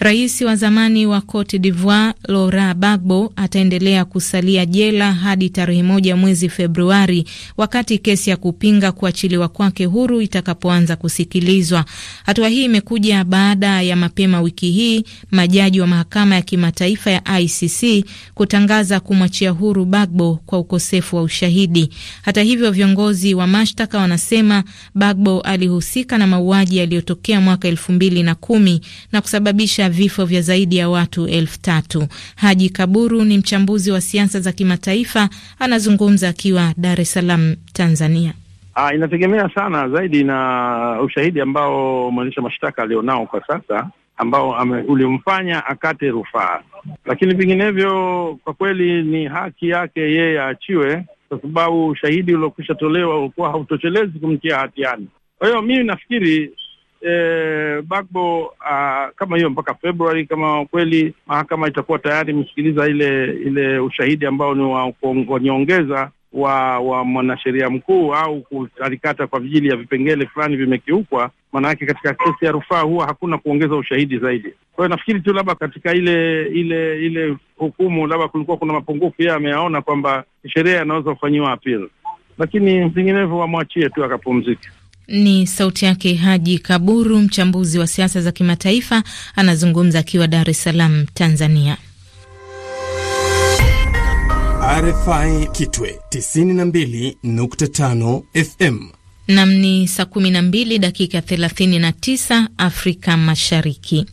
Rais wa zamani wa Cote d'Ivoire laura bagbo ataendelea kusalia jela hadi tarehe moja mwezi Februari, wakati kesi ya kupinga kuachiliwa kwake huru itakapoanza kusikilizwa. Hatua hii imekuja baada ya mapema wiki hii majaji wa mahakama ya kimataifa ya ICC kutangaza kumwachia huru bagbo kwa ukosefu wa ushahidi. Hata hivyo, viongozi wa mashtaka wanasema bagbo alihusika na mauaji yaliyotokea mwaka elfu mbili na kumi na kusababisha vifo vya zaidi ya watu elfu tatu. Haji Kaburu ni mchambuzi wa siasa za kimataifa, anazungumza akiwa Dar es Salaam, Tanzania. Ah, inategemea sana zaidi na ushahidi ambao mwendesha mashtaka alionao kwa sasa ambao ulimfanya akate rufaa, lakini vinginevyo kwa kweli ni haki yake yeye aachiwe, kwa sababu ushahidi uliokwisha tolewa ulikuwa hautoshelezi kumtia hatiani. Kwa hiyo mimi nafikiri eh, Bagbo ah, kama hiyo mpaka Februari, kama kweli mahakama itakuwa tayari imesikiliza ile ile ushahidi ambao ni wa wa wa mwanasheria mkuu au kutarikata kwa vijili ya vipengele fulani vimekiukwa. Maanake katika kesi ya rufaa huwa hakuna kuongeza ushahidi zaidi. Kwa hiyo nafikiri tu labda katika ile ile ile hukumu labda kulikuwa kuna mapungufu, yeye ameyaona kwamba sheria inaweza kufanyiwa apili lakini vinginevyo wamwachie tu akapumzika. Ni sauti yake Haji Kaburu, mchambuzi wa siasa za kimataifa, anazungumza akiwa Dar es Salaam, Tanzania. RFI Kitwe 92.5 FM. Nam ni saa kumi na mbili dakika thelathini na tisa Afrika Mashariki.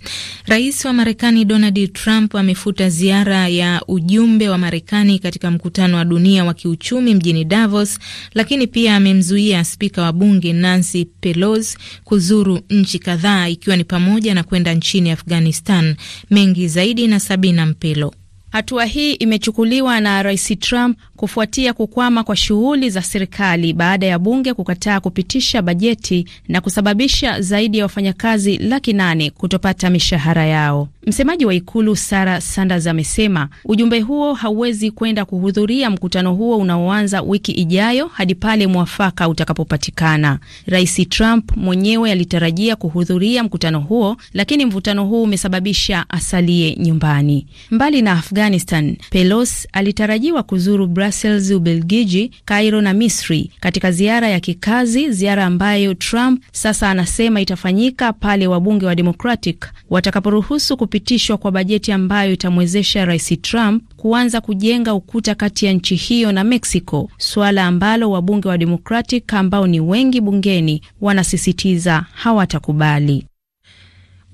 Rais wa Marekani Donald Trump amefuta ziara ya ujumbe wa Marekani katika mkutano wa dunia wa kiuchumi mjini Davos, lakini pia amemzuia spika wa bunge Nancy Pelosi kuzuru nchi kadhaa, ikiwa ni pamoja na kwenda nchini Afghanistan. Mengi zaidi na Sabina Mpelo. Hatua hii imechukuliwa na Rais Trump kufuatia kukwama kwa shughuli za serikali baada ya bunge kukataa kupitisha bajeti na kusababisha zaidi ya wafanyakazi laki nane kutopata mishahara yao. Msemaji wa ikulu Sara Sanders amesema ujumbe huo hauwezi kwenda kuhudhuria mkutano huo unaoanza wiki ijayo hadi pale mwafaka utakapopatikana. Rais Trump mwenyewe alitarajia kuhudhuria mkutano huo, lakini mvutano huu umesababisha asalie nyumbani. Mbali na Afghanistan, Pelosi alitarajiwa kuzuru Brazil Brussels, Ubelgiji, Cairo na Misri katika ziara ya kikazi, ziara ambayo Trump sasa anasema itafanyika pale wabunge wa Democratic watakaporuhusu kupitishwa kwa bajeti ambayo itamwezesha Rais Trump kuanza kujenga ukuta kati ya nchi hiyo na Mexico, suala ambalo wabunge wa Democratic ambao ni wengi bungeni wanasisitiza hawatakubali.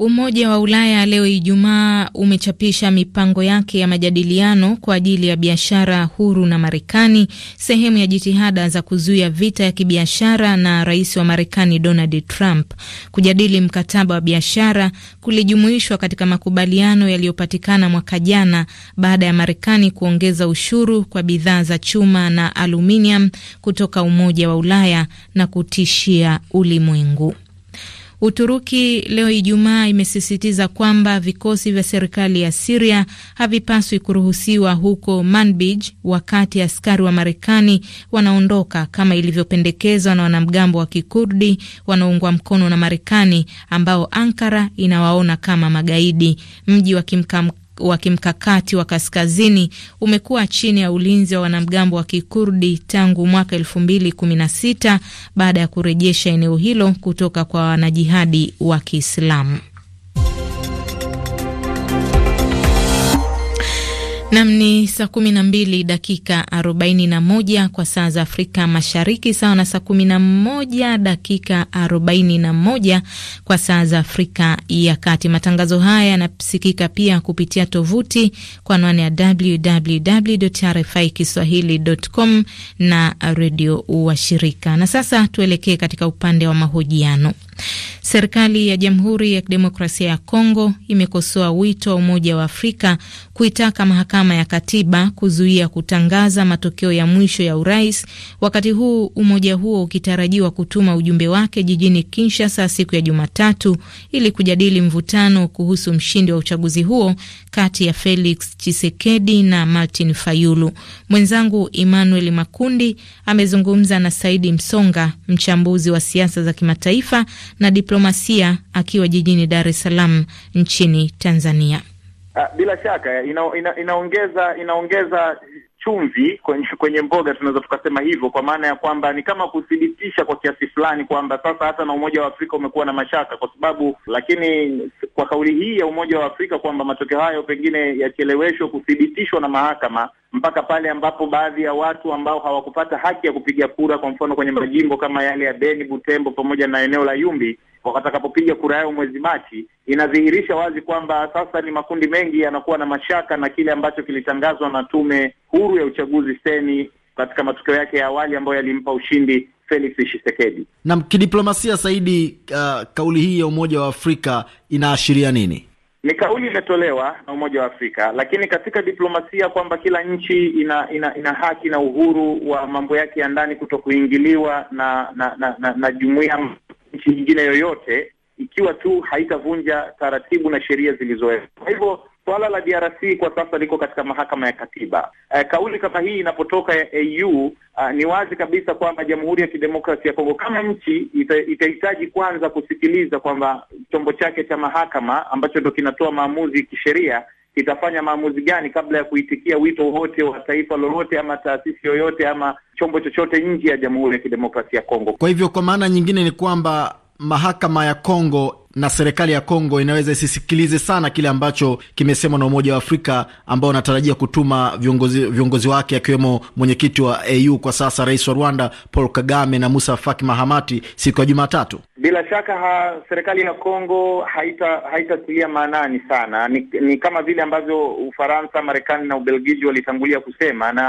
Umoja wa Ulaya leo Ijumaa umechapisha mipango yake ya majadiliano kwa ajili ya biashara huru na Marekani, sehemu ya jitihada za kuzuia vita ya kibiashara na rais wa Marekani Donald Trump. Kujadili mkataba wa biashara kulijumuishwa katika makubaliano yaliyopatikana mwaka jana baada ya Marekani kuongeza ushuru kwa bidhaa za chuma na aluminium kutoka Umoja wa Ulaya na kutishia ulimwengu. Uturuki leo Ijumaa imesisitiza kwamba vikosi vya serikali ya Siria havipaswi kuruhusiwa huko Manbij wakati askari wa Marekani wanaondoka kama ilivyopendekezwa na wanamgambo wa Kikurdi wanaoungwa mkono na Marekani ambao Ankara inawaona kama magaidi. Mji wa kimkamka wa kimkakati wa kaskazini umekuwa chini ya ulinzi wa wanamgambo wa kikurdi tangu mwaka elfu mbili kumi na sita baada ya kurejesha eneo hilo kutoka kwa wanajihadi wa Kiislamu. Nam ni saa kumi na mbili dakika arobaini na moja kwa saa za Afrika Mashariki, sawa na saa kumi na moja dakika arobaini na moja kwa saa za Afrika ya Kati. Matangazo haya yanasikika pia kupitia tovuti kwa anwani ya www RFI kiswahili.com na redio washirika. Na sasa tuelekee katika upande wa mahojiano. Serikali ya Jamhuri ya Kidemokrasia ya Kongo imekosoa wito wa Umoja wa Afrika kuitaka mahakama ya katiba kuzuia kutangaza matokeo ya mwisho ya urais, wakati huu umoja huo ukitarajiwa kutuma ujumbe wake jijini Kinshasa siku ya Jumatatu ili kujadili mvutano kuhusu mshindi wa uchaguzi huo kati ya Felix chisekedi na Martin Fayulu. Mwenzangu Emmanuel Makundi amezungumza na Saidi Msonga, mchambuzi wa siasa za kimataifa na diplomasia, akiwa jijini Dar es Salaam nchini Tanzania. Ah, bila shaka ina, ina, inaongeza inaongeza chumvi kwenye, kwenye mboga, tunaweza tukasema hivyo, kwa maana ya kwamba ni kama kuthibitisha kwa kiasi fulani kwamba sasa hata na Umoja wa Afrika umekuwa na mashaka, kwa sababu lakini kwa kauli hii ya Umoja wa Afrika kwamba matokeo hayo pengine yacheleweshwe kuthibitishwa na mahakama mpaka pale ambapo baadhi ya watu ambao hawakupata haki ya kupiga kura, kwa mfano kwenye majimbo kama yale ya Beni, Butembo pamoja na eneo la Yumbi watakapopiga kura yao mwezi Machi, inadhihirisha wazi kwamba sasa ni makundi mengi yanakuwa na mashaka na kile ambacho kilitangazwa na Tume Huru ya Uchaguzi seni katika matokeo yake ya awali ambayo yalimpa ushindi Felix Tshisekedi. Na kidiplomasia zaidi, uh, kauli hii ya Umoja wa Afrika inaashiria nini? Ni kauli imetolewa na Umoja wa Afrika, lakini katika diplomasia kwamba kila nchi ina, ina ina haki na uhuru wa mambo yake ya ndani kuto kuingiliwa na na, na, na, na jumuiya nchi nyingine yoyote, ikiwa tu haitavunja taratibu na sheria zilizowekwa. Kwa hivyo swala la DRC kwa sasa liko katika mahakama ya katiba. Uh, kauli kama hii inapotoka ya AU uh, ah, ni wazi kabisa kwamba Jamhuri ya Kidemokrasia ya Kongo kama nchi ita, itahitaji kwanza kusikiliza kwamba chombo chake cha mahakama ambacho ndo kinatoa maamuzi kisheria itafanya maamuzi gani kabla ya kuitikia wito wote wa taifa lolote ama taasisi yoyote ama chombo chochote nje ya Jamhuri ya Kidemokrasia ya Kongo. Kwa hivyo, kwa maana nyingine ni kwamba mahakama ya Kongo na serikali ya Kongo inaweza isisikilize sana kile ambacho kimesemwa na Umoja wa Afrika ambao anatarajia kutuma viongozi, viongozi wake akiwemo mwenyekiti wa AU kwa sasa Rais wa Rwanda Paul Kagame na Musa Faki Mahamati siku ya Jumatatu. Bila shaka ha, serikali ya Kongo haitatilia haita maanani sana. Ni, ni kama vile ambavyo Ufaransa, Marekani na Ubelgiji walitangulia kusema na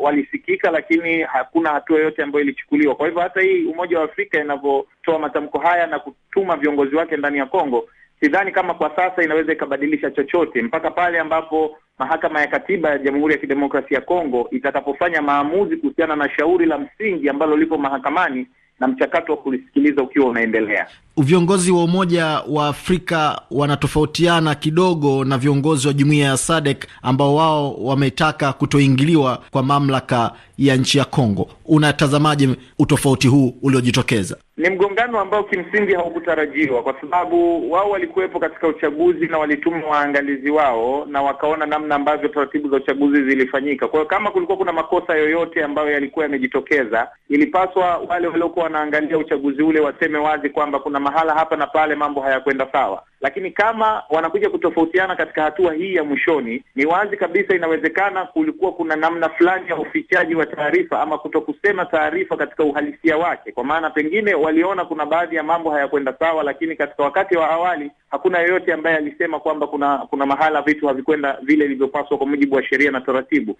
walisikika, lakini hakuna hatua yoyote ambayo ilichukuliwa. Kwa hivyo hata hii Umoja wa Afrika inavyotoa matamko haya na kutuma viongozi wake ndani ya Kongo, sidhani kama kwa sasa inaweza ikabadilisha chochote mpaka pale ambapo mahakama ya katiba ya Jamhuri ya Kidemokrasia ya Kongo itakapofanya maamuzi kuhusiana na shauri la msingi ambalo lipo mahakamani na mchakato wa kulisikiliza ukiwa unaendelea viongozi wa Umoja wa Afrika wanatofautiana kidogo na viongozi wa jumuiya ya SADC ambao wao wametaka kutoingiliwa kwa mamlaka ya nchi ya Kongo. Unatazamaje utofauti huu uliojitokeza? Ni mgongano ambao kimsingi haukutarajiwa kwa sababu wao walikuwepo katika uchaguzi na walituma waangalizi wao na wakaona namna ambavyo taratibu za uchaguzi zilifanyika. Kwa hiyo kama kulikuwa kuna makosa yoyote ambayo yalikuwa yamejitokeza, ilipaswa wale waliokuwa wanaangalia uchaguzi ule waseme wazi kwamba kuna mahala hapa na pale mambo hayakwenda sawa, lakini kama wanakuja kutofautiana katika hatua hii ya mwishoni, ni wazi kabisa inawezekana kulikuwa kuna namna fulani ya ufichaji wa taarifa ama kuto kusema taarifa katika uhalisia wake, kwa maana pengine waliona kuna baadhi ya mambo hayakwenda sawa, lakini katika wakati wa awali hakuna yoyote ambaye alisema kwamba kuna kuna mahala vitu havikwenda vile ilivyopaswa kwa mujibu wa sheria na taratibu.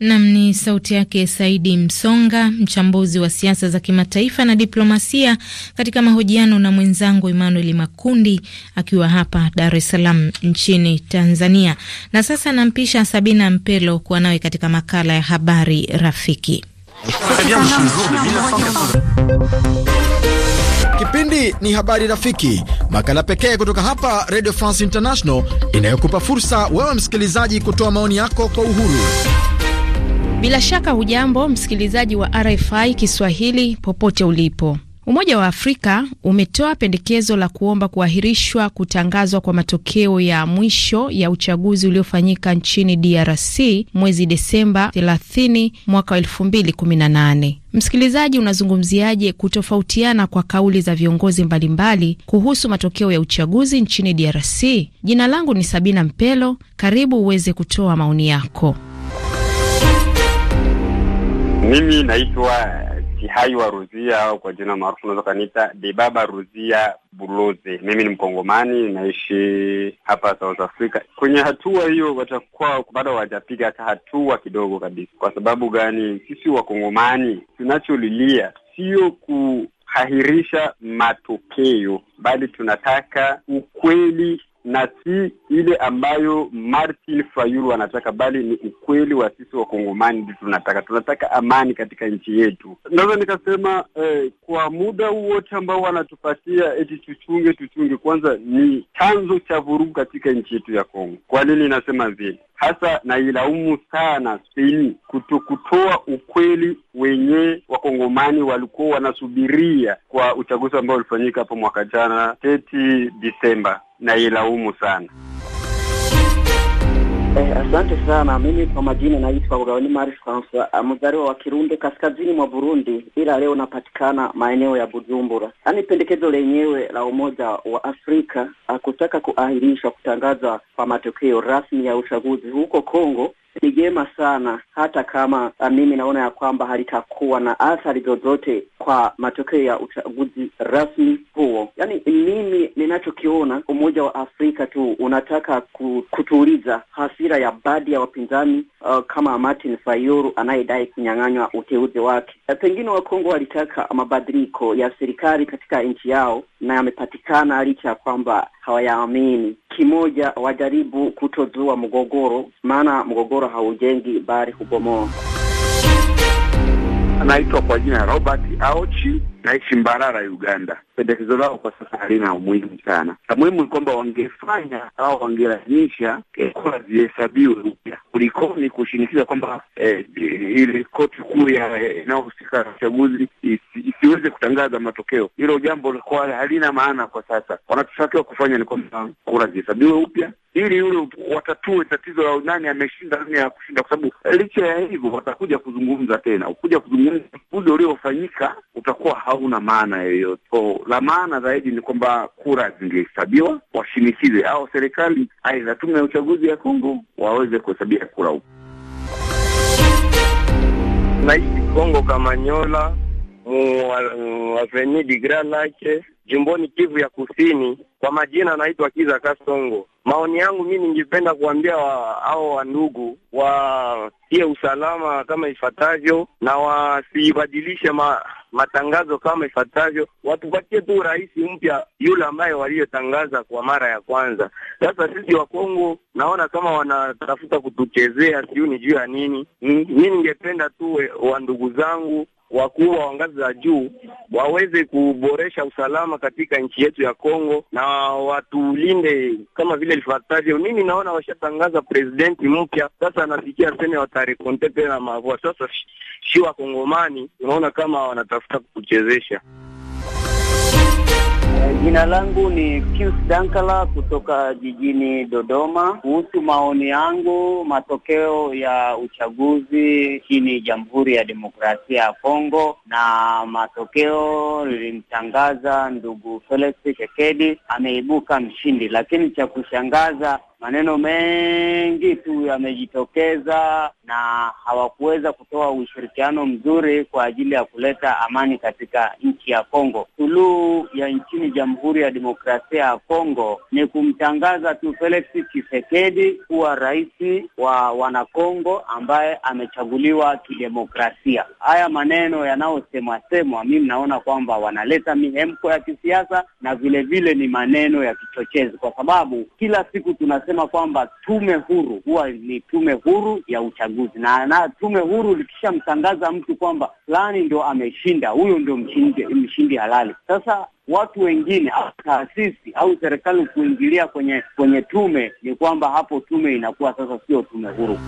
Nam ni sauti yake Saidi Msonga, mchambuzi wa siasa za kimataifa na diplomasia, katika mahojiano na mwenzangu Emmanuel Makundi akiwa hapa Dar es Salaam nchini Tanzania. Na sasa nampisha Sabina Mpelo kuwa nawe katika makala ya habari rafiki. Kipindi ni habari rafiki, makala pekee kutoka hapa Radio France International inayokupa fursa wewe msikilizaji kutoa maoni yako kwa uhuru. Bila shaka hujambo msikilizaji wa RFI Kiswahili popote ulipo. Umoja wa Afrika umetoa pendekezo la kuomba kuahirishwa kutangazwa kwa matokeo ya mwisho ya uchaguzi uliofanyika nchini DRC mwezi Desemba 30 mwaka 2018. Msikilizaji, unazungumziaje kutofautiana kwa kauli za viongozi mbalimbali kuhusu matokeo ya uchaguzi nchini DRC? Jina langu ni Sabina Mpelo, karibu uweze kutoa maoni yako. Mimi naitwa Tihai wa Ruzia au kwa jina maarufu unaweza kaniita Debaba Ruzia Buloze. Mimi ni Mkongomani, naishi hapa South Africa. Kwenye hatua hiyo watakuwa bado hawajapiga hata hatua kidogo kabisa. Kwa sababu gani? Sisi Wakongomani tunacholilia sio ku hahirisha matokeo bali tunataka ukweli na si ile ambayo Martin Fayulu anataka, bali ni ukweli wa sisi wakongomani ndio tunataka. Tunataka amani katika nchi yetu. Naweza nikasema eh, kwa muda huu wote ambao wanatupatia eti tuchunge tuchunge, kwanza ni chanzo cha vurugu katika nchi yetu ya Kongo. Kwa nini nasema vile? Hasa nailaumu sana Spain kutokutoa kutoa ukweli wenye wakongomani walikuwa wanasubiria kwa uchaguzi ambao ulifanyika hapo mwaka jana 30 Disemba nailaumu sana. Eh, asante sana. Mimi kwa majina naitwa Ugaoni Mari Francois, eh, mzaliwa wa Kirundo kaskazini mwa Burundi, ila leo napatikana maeneo ya Bujumbura. Yaani pendekezo lenyewe la Umoja wa Afrika eh, kutaka kuahirisha kutangazwa kwa matokeo rasmi ya uchaguzi huko Kongo ni jema sana, hata kama uh, mimi naona ya kwamba halitakuwa na athari zozote kwa matokeo ya uchaguzi rasmi huo. Yaani mimi ninachokiona, Umoja wa Afrika tu unataka kutuliza hasira ya baadhi ya wapinzani uh, kama Martin Fayulu anayedai kunyang'anywa uteuzi wake. Uh, pengine Wakongo walitaka mabadiliko ya serikali katika nchi yao na yamepatikana, licha ya kwamba hawayaamini. Kimoja, wajaribu kutozua mgogoro, maana mgogoro haujengi bali hubomoa. Anaitwa kwa jina ya Robert Aochi naishi Mbarara, Uganda. Pendekezo lao kwa sasa halina umuhimu sana. La muhimu ni kwamba wangefanya au wangelazimisha eh, kura zihesabiwe upya kulikoni kushinikiza kwamba eh, ile koti kuu ya eh, inayohusika na uchaguzi isiweze kutangaza matokeo. Hilo jambo likuwa halina maana kwa sasa. Wanachotakiwa kufanya ni kwamba kura zihesabiwe upya ili yule watatue tatizo la nani ameshinda nani ya kushinda, kwa sababu eh, licha ya hivyo watakuja kuzungumza tena. Kuja kuzungumza uchaguzi uliofanyika utakuwa hauna maana yoyote. So la maana zaidi ni kwamba kura zingehesabiwa, washinikize au serikali, aidha tume ya uchaguzi ya Kongo waweze kuhesabia kura huko. Naishi Kongo Kamanyola aveni di Grand Lake jimboni Kivu ya Kusini. Kwa majina anaitwa Kiza Kasongo. Maoni yangu mi ningependa kuambia wa, ao wandugu watie usalama kama ifuatavyo, na wasibadilishe ma, matangazo kama ifuatavyo. Watupatie tu rais mpya yule ambaye waliyotangaza kwa mara ya kwanza. Sasa sisi wa Kongo naona kama wanatafuta kutuchezea, siuni juu ya nini. Mi ningependa tu wandugu zangu wakubwa wa ngazi za juu waweze kuboresha usalama katika nchi yetu ya Kongo na watulinde kama vile lifuatavyo. Mimi naona washatangaza presidenti mpya sasa, anafikia sene watarekonte tena mavua sasa, si wakongomani unaona kama wanatafuta kutuchezesha. Eh, jina langu ni Pius Dankala kutoka jijini Dodoma. Kuhusu maoni yangu, matokeo ya uchaguzi nchini Jamhuri ya Demokrasia ya Kongo na matokeo lilimtangaza ndugu Felix Tshisekedi ameibuka mshindi, lakini cha kushangaza maneno mengi tu yamejitokeza na hawakuweza kutoa ushirikiano mzuri kwa ajili ya kuleta amani katika nchi ya Kongo. Suluhu ya nchini Jamhuri ya Demokrasia ya Kongo ni kumtangaza tu Felix Tshisekedi kuwa rais wa wanakongo ambaye amechaguliwa kidemokrasia. Haya maneno yanayosemwa semwa, mimi naona kwamba wanaleta mihemko ya kisiasa na vilevile vile ni maneno ya kichochezi, kwa sababu kila siku tuna anasema kwamba tume huru huwa ni tume huru ya uchaguzi, na na tume huru likishamtangaza mtu kwamba fulani ndio ameshinda, huyo ndio mshindi, mshindi halali. Sasa watu wengine au taasisi au serikali kuingilia kwenye kwenye tume, ni kwamba hapo tume inakuwa sasa sio tume huru.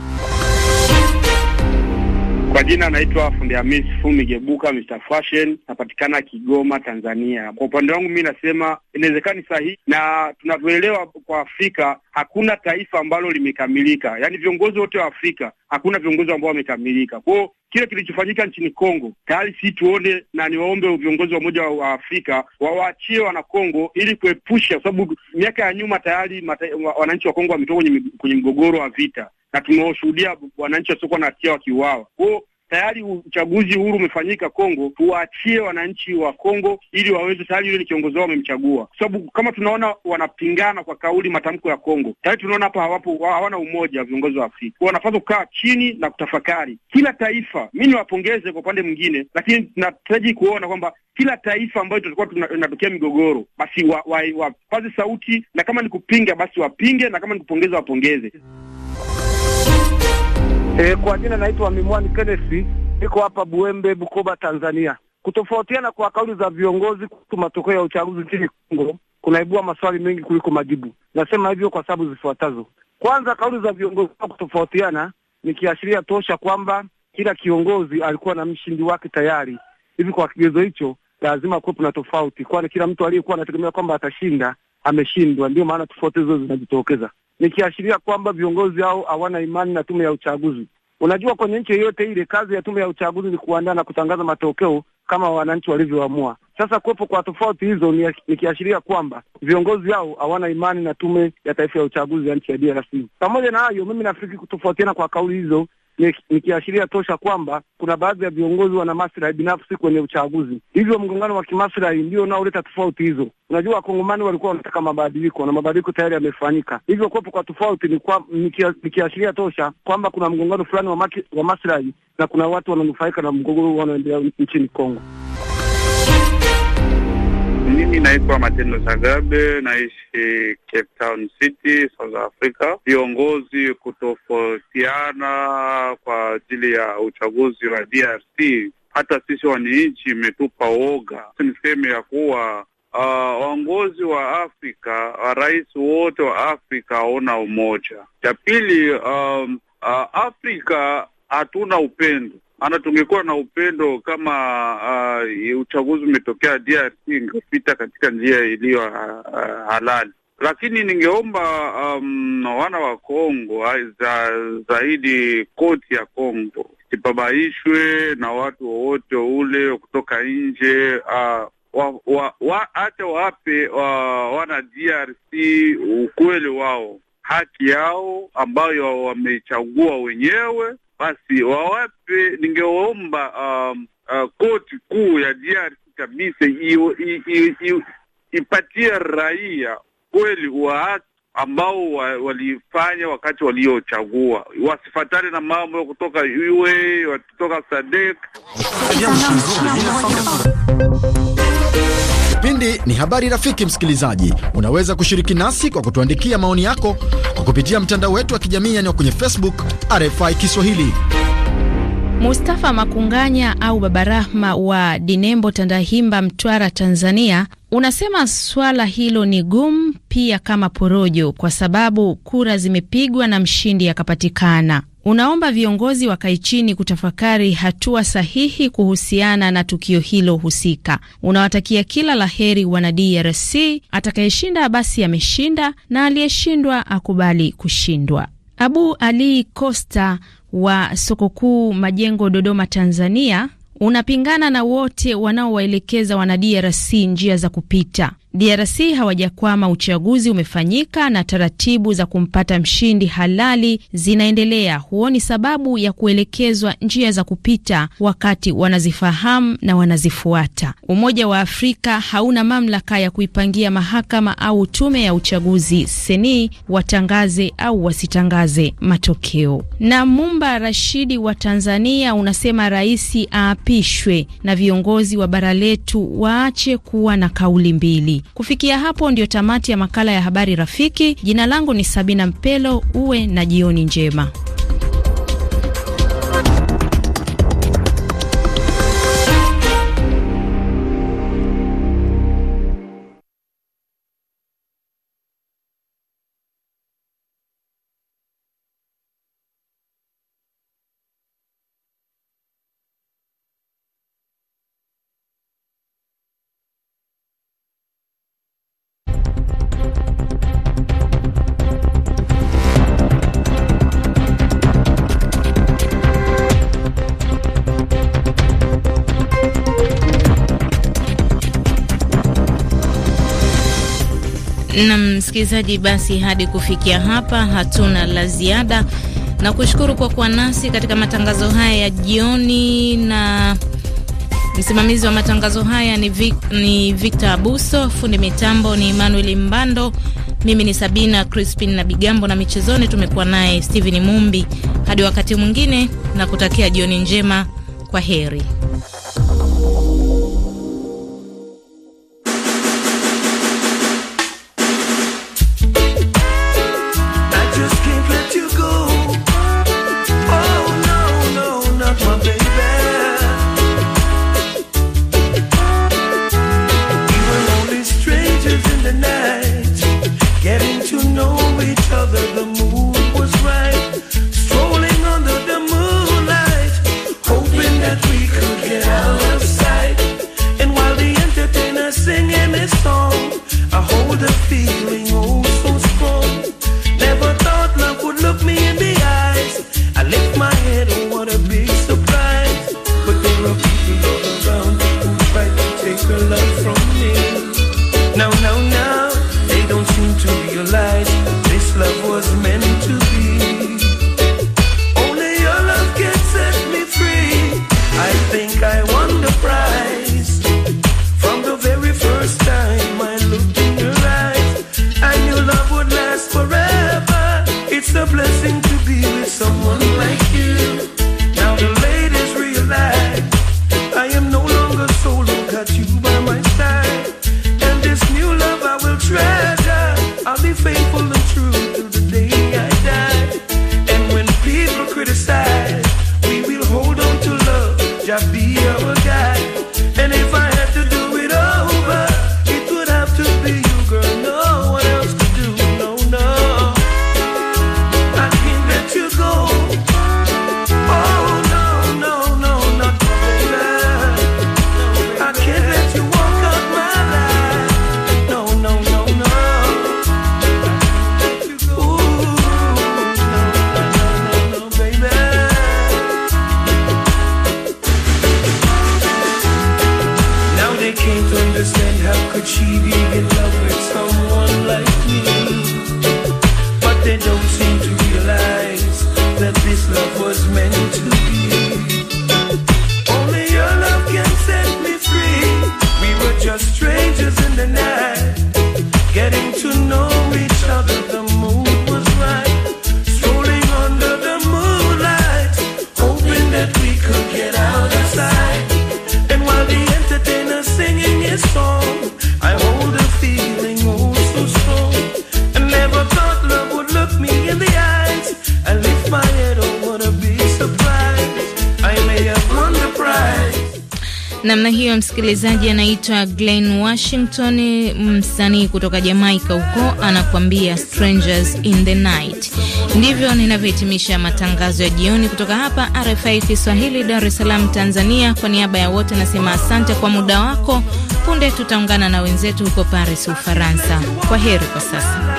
Kwa jina anaitwa Fundi Hamis Fumi Gebuka Mr Fashion, napatikana Kigoma, Tanzania. Kwa upande wangu mi nasema inawezekani sahihi, na tunavyoelewa kwa Afrika hakuna taifa ambalo limekamilika, yaani viongozi wote wa Afrika hakuna viongozi ambao wamekamilika. Kwa hiyo kile kilichofanyika nchini Kongo tayari si tuone, na niwaombe viongozi wa Umoja wa Afrika wawaachie wana Kongo ili kuepusha, kwa sababu miaka ya nyuma tayari wananchi wa Kongo wametoka kwenye mgogoro wa vita na tumeshuhudia wananchi wasiokuwa na hatia wakiuawa. Kwao tayari uchaguzi huru umefanyika Kongo, tuwaachie wananchi wa Kongo ili waweze tayari, yule ni kiongozi wao wamemchagua, kwa sababu kama tunaona wanapingana kwa kauli, matamko ya Kongo, tayari tunaona hapa hawapo, hawana umoja. Viongozi wa Afrika wanapaswa kukaa chini na kutafakari. Kila taifa, mi niwapongeze kwa upande mwingine, lakini nataraji kuona kwamba kila taifa ambayo tutakuwa inatokea migogoro basi wapaze wa, wa, sauti, na kama ni kupinga basi wapinge, na kama ni kupongeza wapongeze. E, kwa jina naitwa Mimwani kenesi niko hapa Buembe, Bukoba, Tanzania. Kutofautiana kwa kauli za viongozi kuhusu matokeo ya uchaguzi nchini Kongo kunaibua maswali mengi kuliko majibu. Nasema hivyo kwa sababu zifuatazo. Kwanza, kauli za viongozi hao kutofautiana ni kiashiria tosha kwamba kila kiongozi alikuwa na mshindi wake tayari. Hivi kwa kigezo hicho lazima kuwepo na tofauti, kwani kila mtu aliyekuwa anategemea kwamba atashinda ameshindwa. Ndio maana tofauti hizo zinajitokeza nikiashiria kwamba viongozi hao hawana imani na tume ya uchaguzi. Unajua, kwenye nchi yoyote ile kazi ya tume ya uchaguzi ni kuandaa na kutangaza matokeo kama wananchi walivyoamua. Sasa kuwepo kwa tofauti hizo nikiashiria kwamba viongozi hao hawana imani na tume ya taifa ya uchaguzi ya nchi ya DRC. Pamoja na hayo, mimi nafikiri kutofautiana kwa kauli hizo ni tosha kwamba kuna baadhi ya viongozi wana maslahi binafsi kwenye uchaguzi. Hivyo mgongano wa kimaslahi ndio unaoleta tofauti hizo. Unajua, wakongomani walikuwa wanataka mabadiliko na mabadiliko tayari yamefanyika, hivyo kuwepo kwa tofauti ni, ni tosha kwamba kuna mgongano fulani wa, wa maslahi na kuna watu wananufaika na mgogoro wanaoendelea nchini Kongo. Mimi naitwa Matendo Sagabe, naishi Cape Town City, South Africa. Viongozi kutofautiana kwa ajili ya uchaguzi wa DRC, hata sisi wananchi imetupa woga. Niseme ya kuwa Uh, waongozi wa Afrika, warais wote wa Afrika haona umoja. Cha pili, um, uh, Afrika hatuna upendo. Ana tungekuwa na upendo kama uh, uchaguzi umetokea DRC ingepita katika njia iliyo uh, uh, halali, lakini ningeomba um, wana wa Kongo uh, za, zaidi koti ya Kongo sibabaishwe na watu wowote ule kutoka nje uh, wa, wa, wa, hata wape wa, uh, wana DRC ukweli wao, haki yao ambayo wameichagua wenyewe basi wawape, ningewaomba um, uh, koti kuu ya DRC kabisa ipatie raia kweli wa ambao walifanya wakati waliochagua, wasifatane na mambo ya kutoka uwe kutoka Sadek Kipindi ni habari rafiki. Msikilizaji, unaweza kushiriki nasi kwa kutuandikia maoni yako kwa kupitia mtandao wetu wa kijamii yani kwenye Facebook RFI Kiswahili. Mustafa Makunganya au Baba Rahma wa Dinembo, Tandahimba, Mtwara, Tanzania, unasema swala hilo ni gumu pia kama porojo, kwa sababu kura zimepigwa na mshindi akapatikana unaomba viongozi wakae chini kutafakari hatua sahihi kuhusiana na tukio hilo husika. Unawatakia kila la heri wana DRC, atakayeshinda basi ameshinda na aliyeshindwa akubali kushindwa. Abu Ali Costa wa soko kuu Majengo, Dodoma, Tanzania, unapingana na wote wanaowaelekeza wana DRC njia za kupita. DRC hawajakwama, uchaguzi umefanyika na taratibu za kumpata mshindi halali zinaendelea. Huoni sababu ya kuelekezwa njia za kupita wakati wanazifahamu na wanazifuata. Umoja wa Afrika hauna mamlaka ya kuipangia mahakama au tume ya uchaguzi seni watangaze au wasitangaze matokeo. Na Mumba Rashidi wa Tanzania unasema rais aapishwe na viongozi wa bara letu waache kuwa na kauli mbili. Kufikia hapo ndio tamati ya makala ya habari rafiki. Jina langu ni Sabina Mpelo, uwe na jioni njema. Na msikilizaji, basi hadi kufikia hapa hatuna la ziada, na kushukuru kwa kuwa nasi katika matangazo haya ya jioni, na msimamizi wa matangazo haya ni, Vic, ni Victor Abuso, fundi mitambo ni Emmanuel Mbando, mimi ni Sabina Crispin na Bigambo, na michezoni tumekuwa naye Steven Mumbi. Hadi wakati mwingine, na kutakia jioni njema, kwa heri. msikilizaji anaitwa Glen Washington, msanii kutoka Jamaika huko, anakuambia strangers in the night. Ndivyo ninavyohitimisha matangazo ya jioni kutoka hapa RFI Kiswahili, Dar es Salaam, Tanzania. Kwa niaba ya wote nasema asante kwa muda wako. Punde tutaungana na wenzetu huko Paris, Ufaransa. Kwa heri kwa sasa.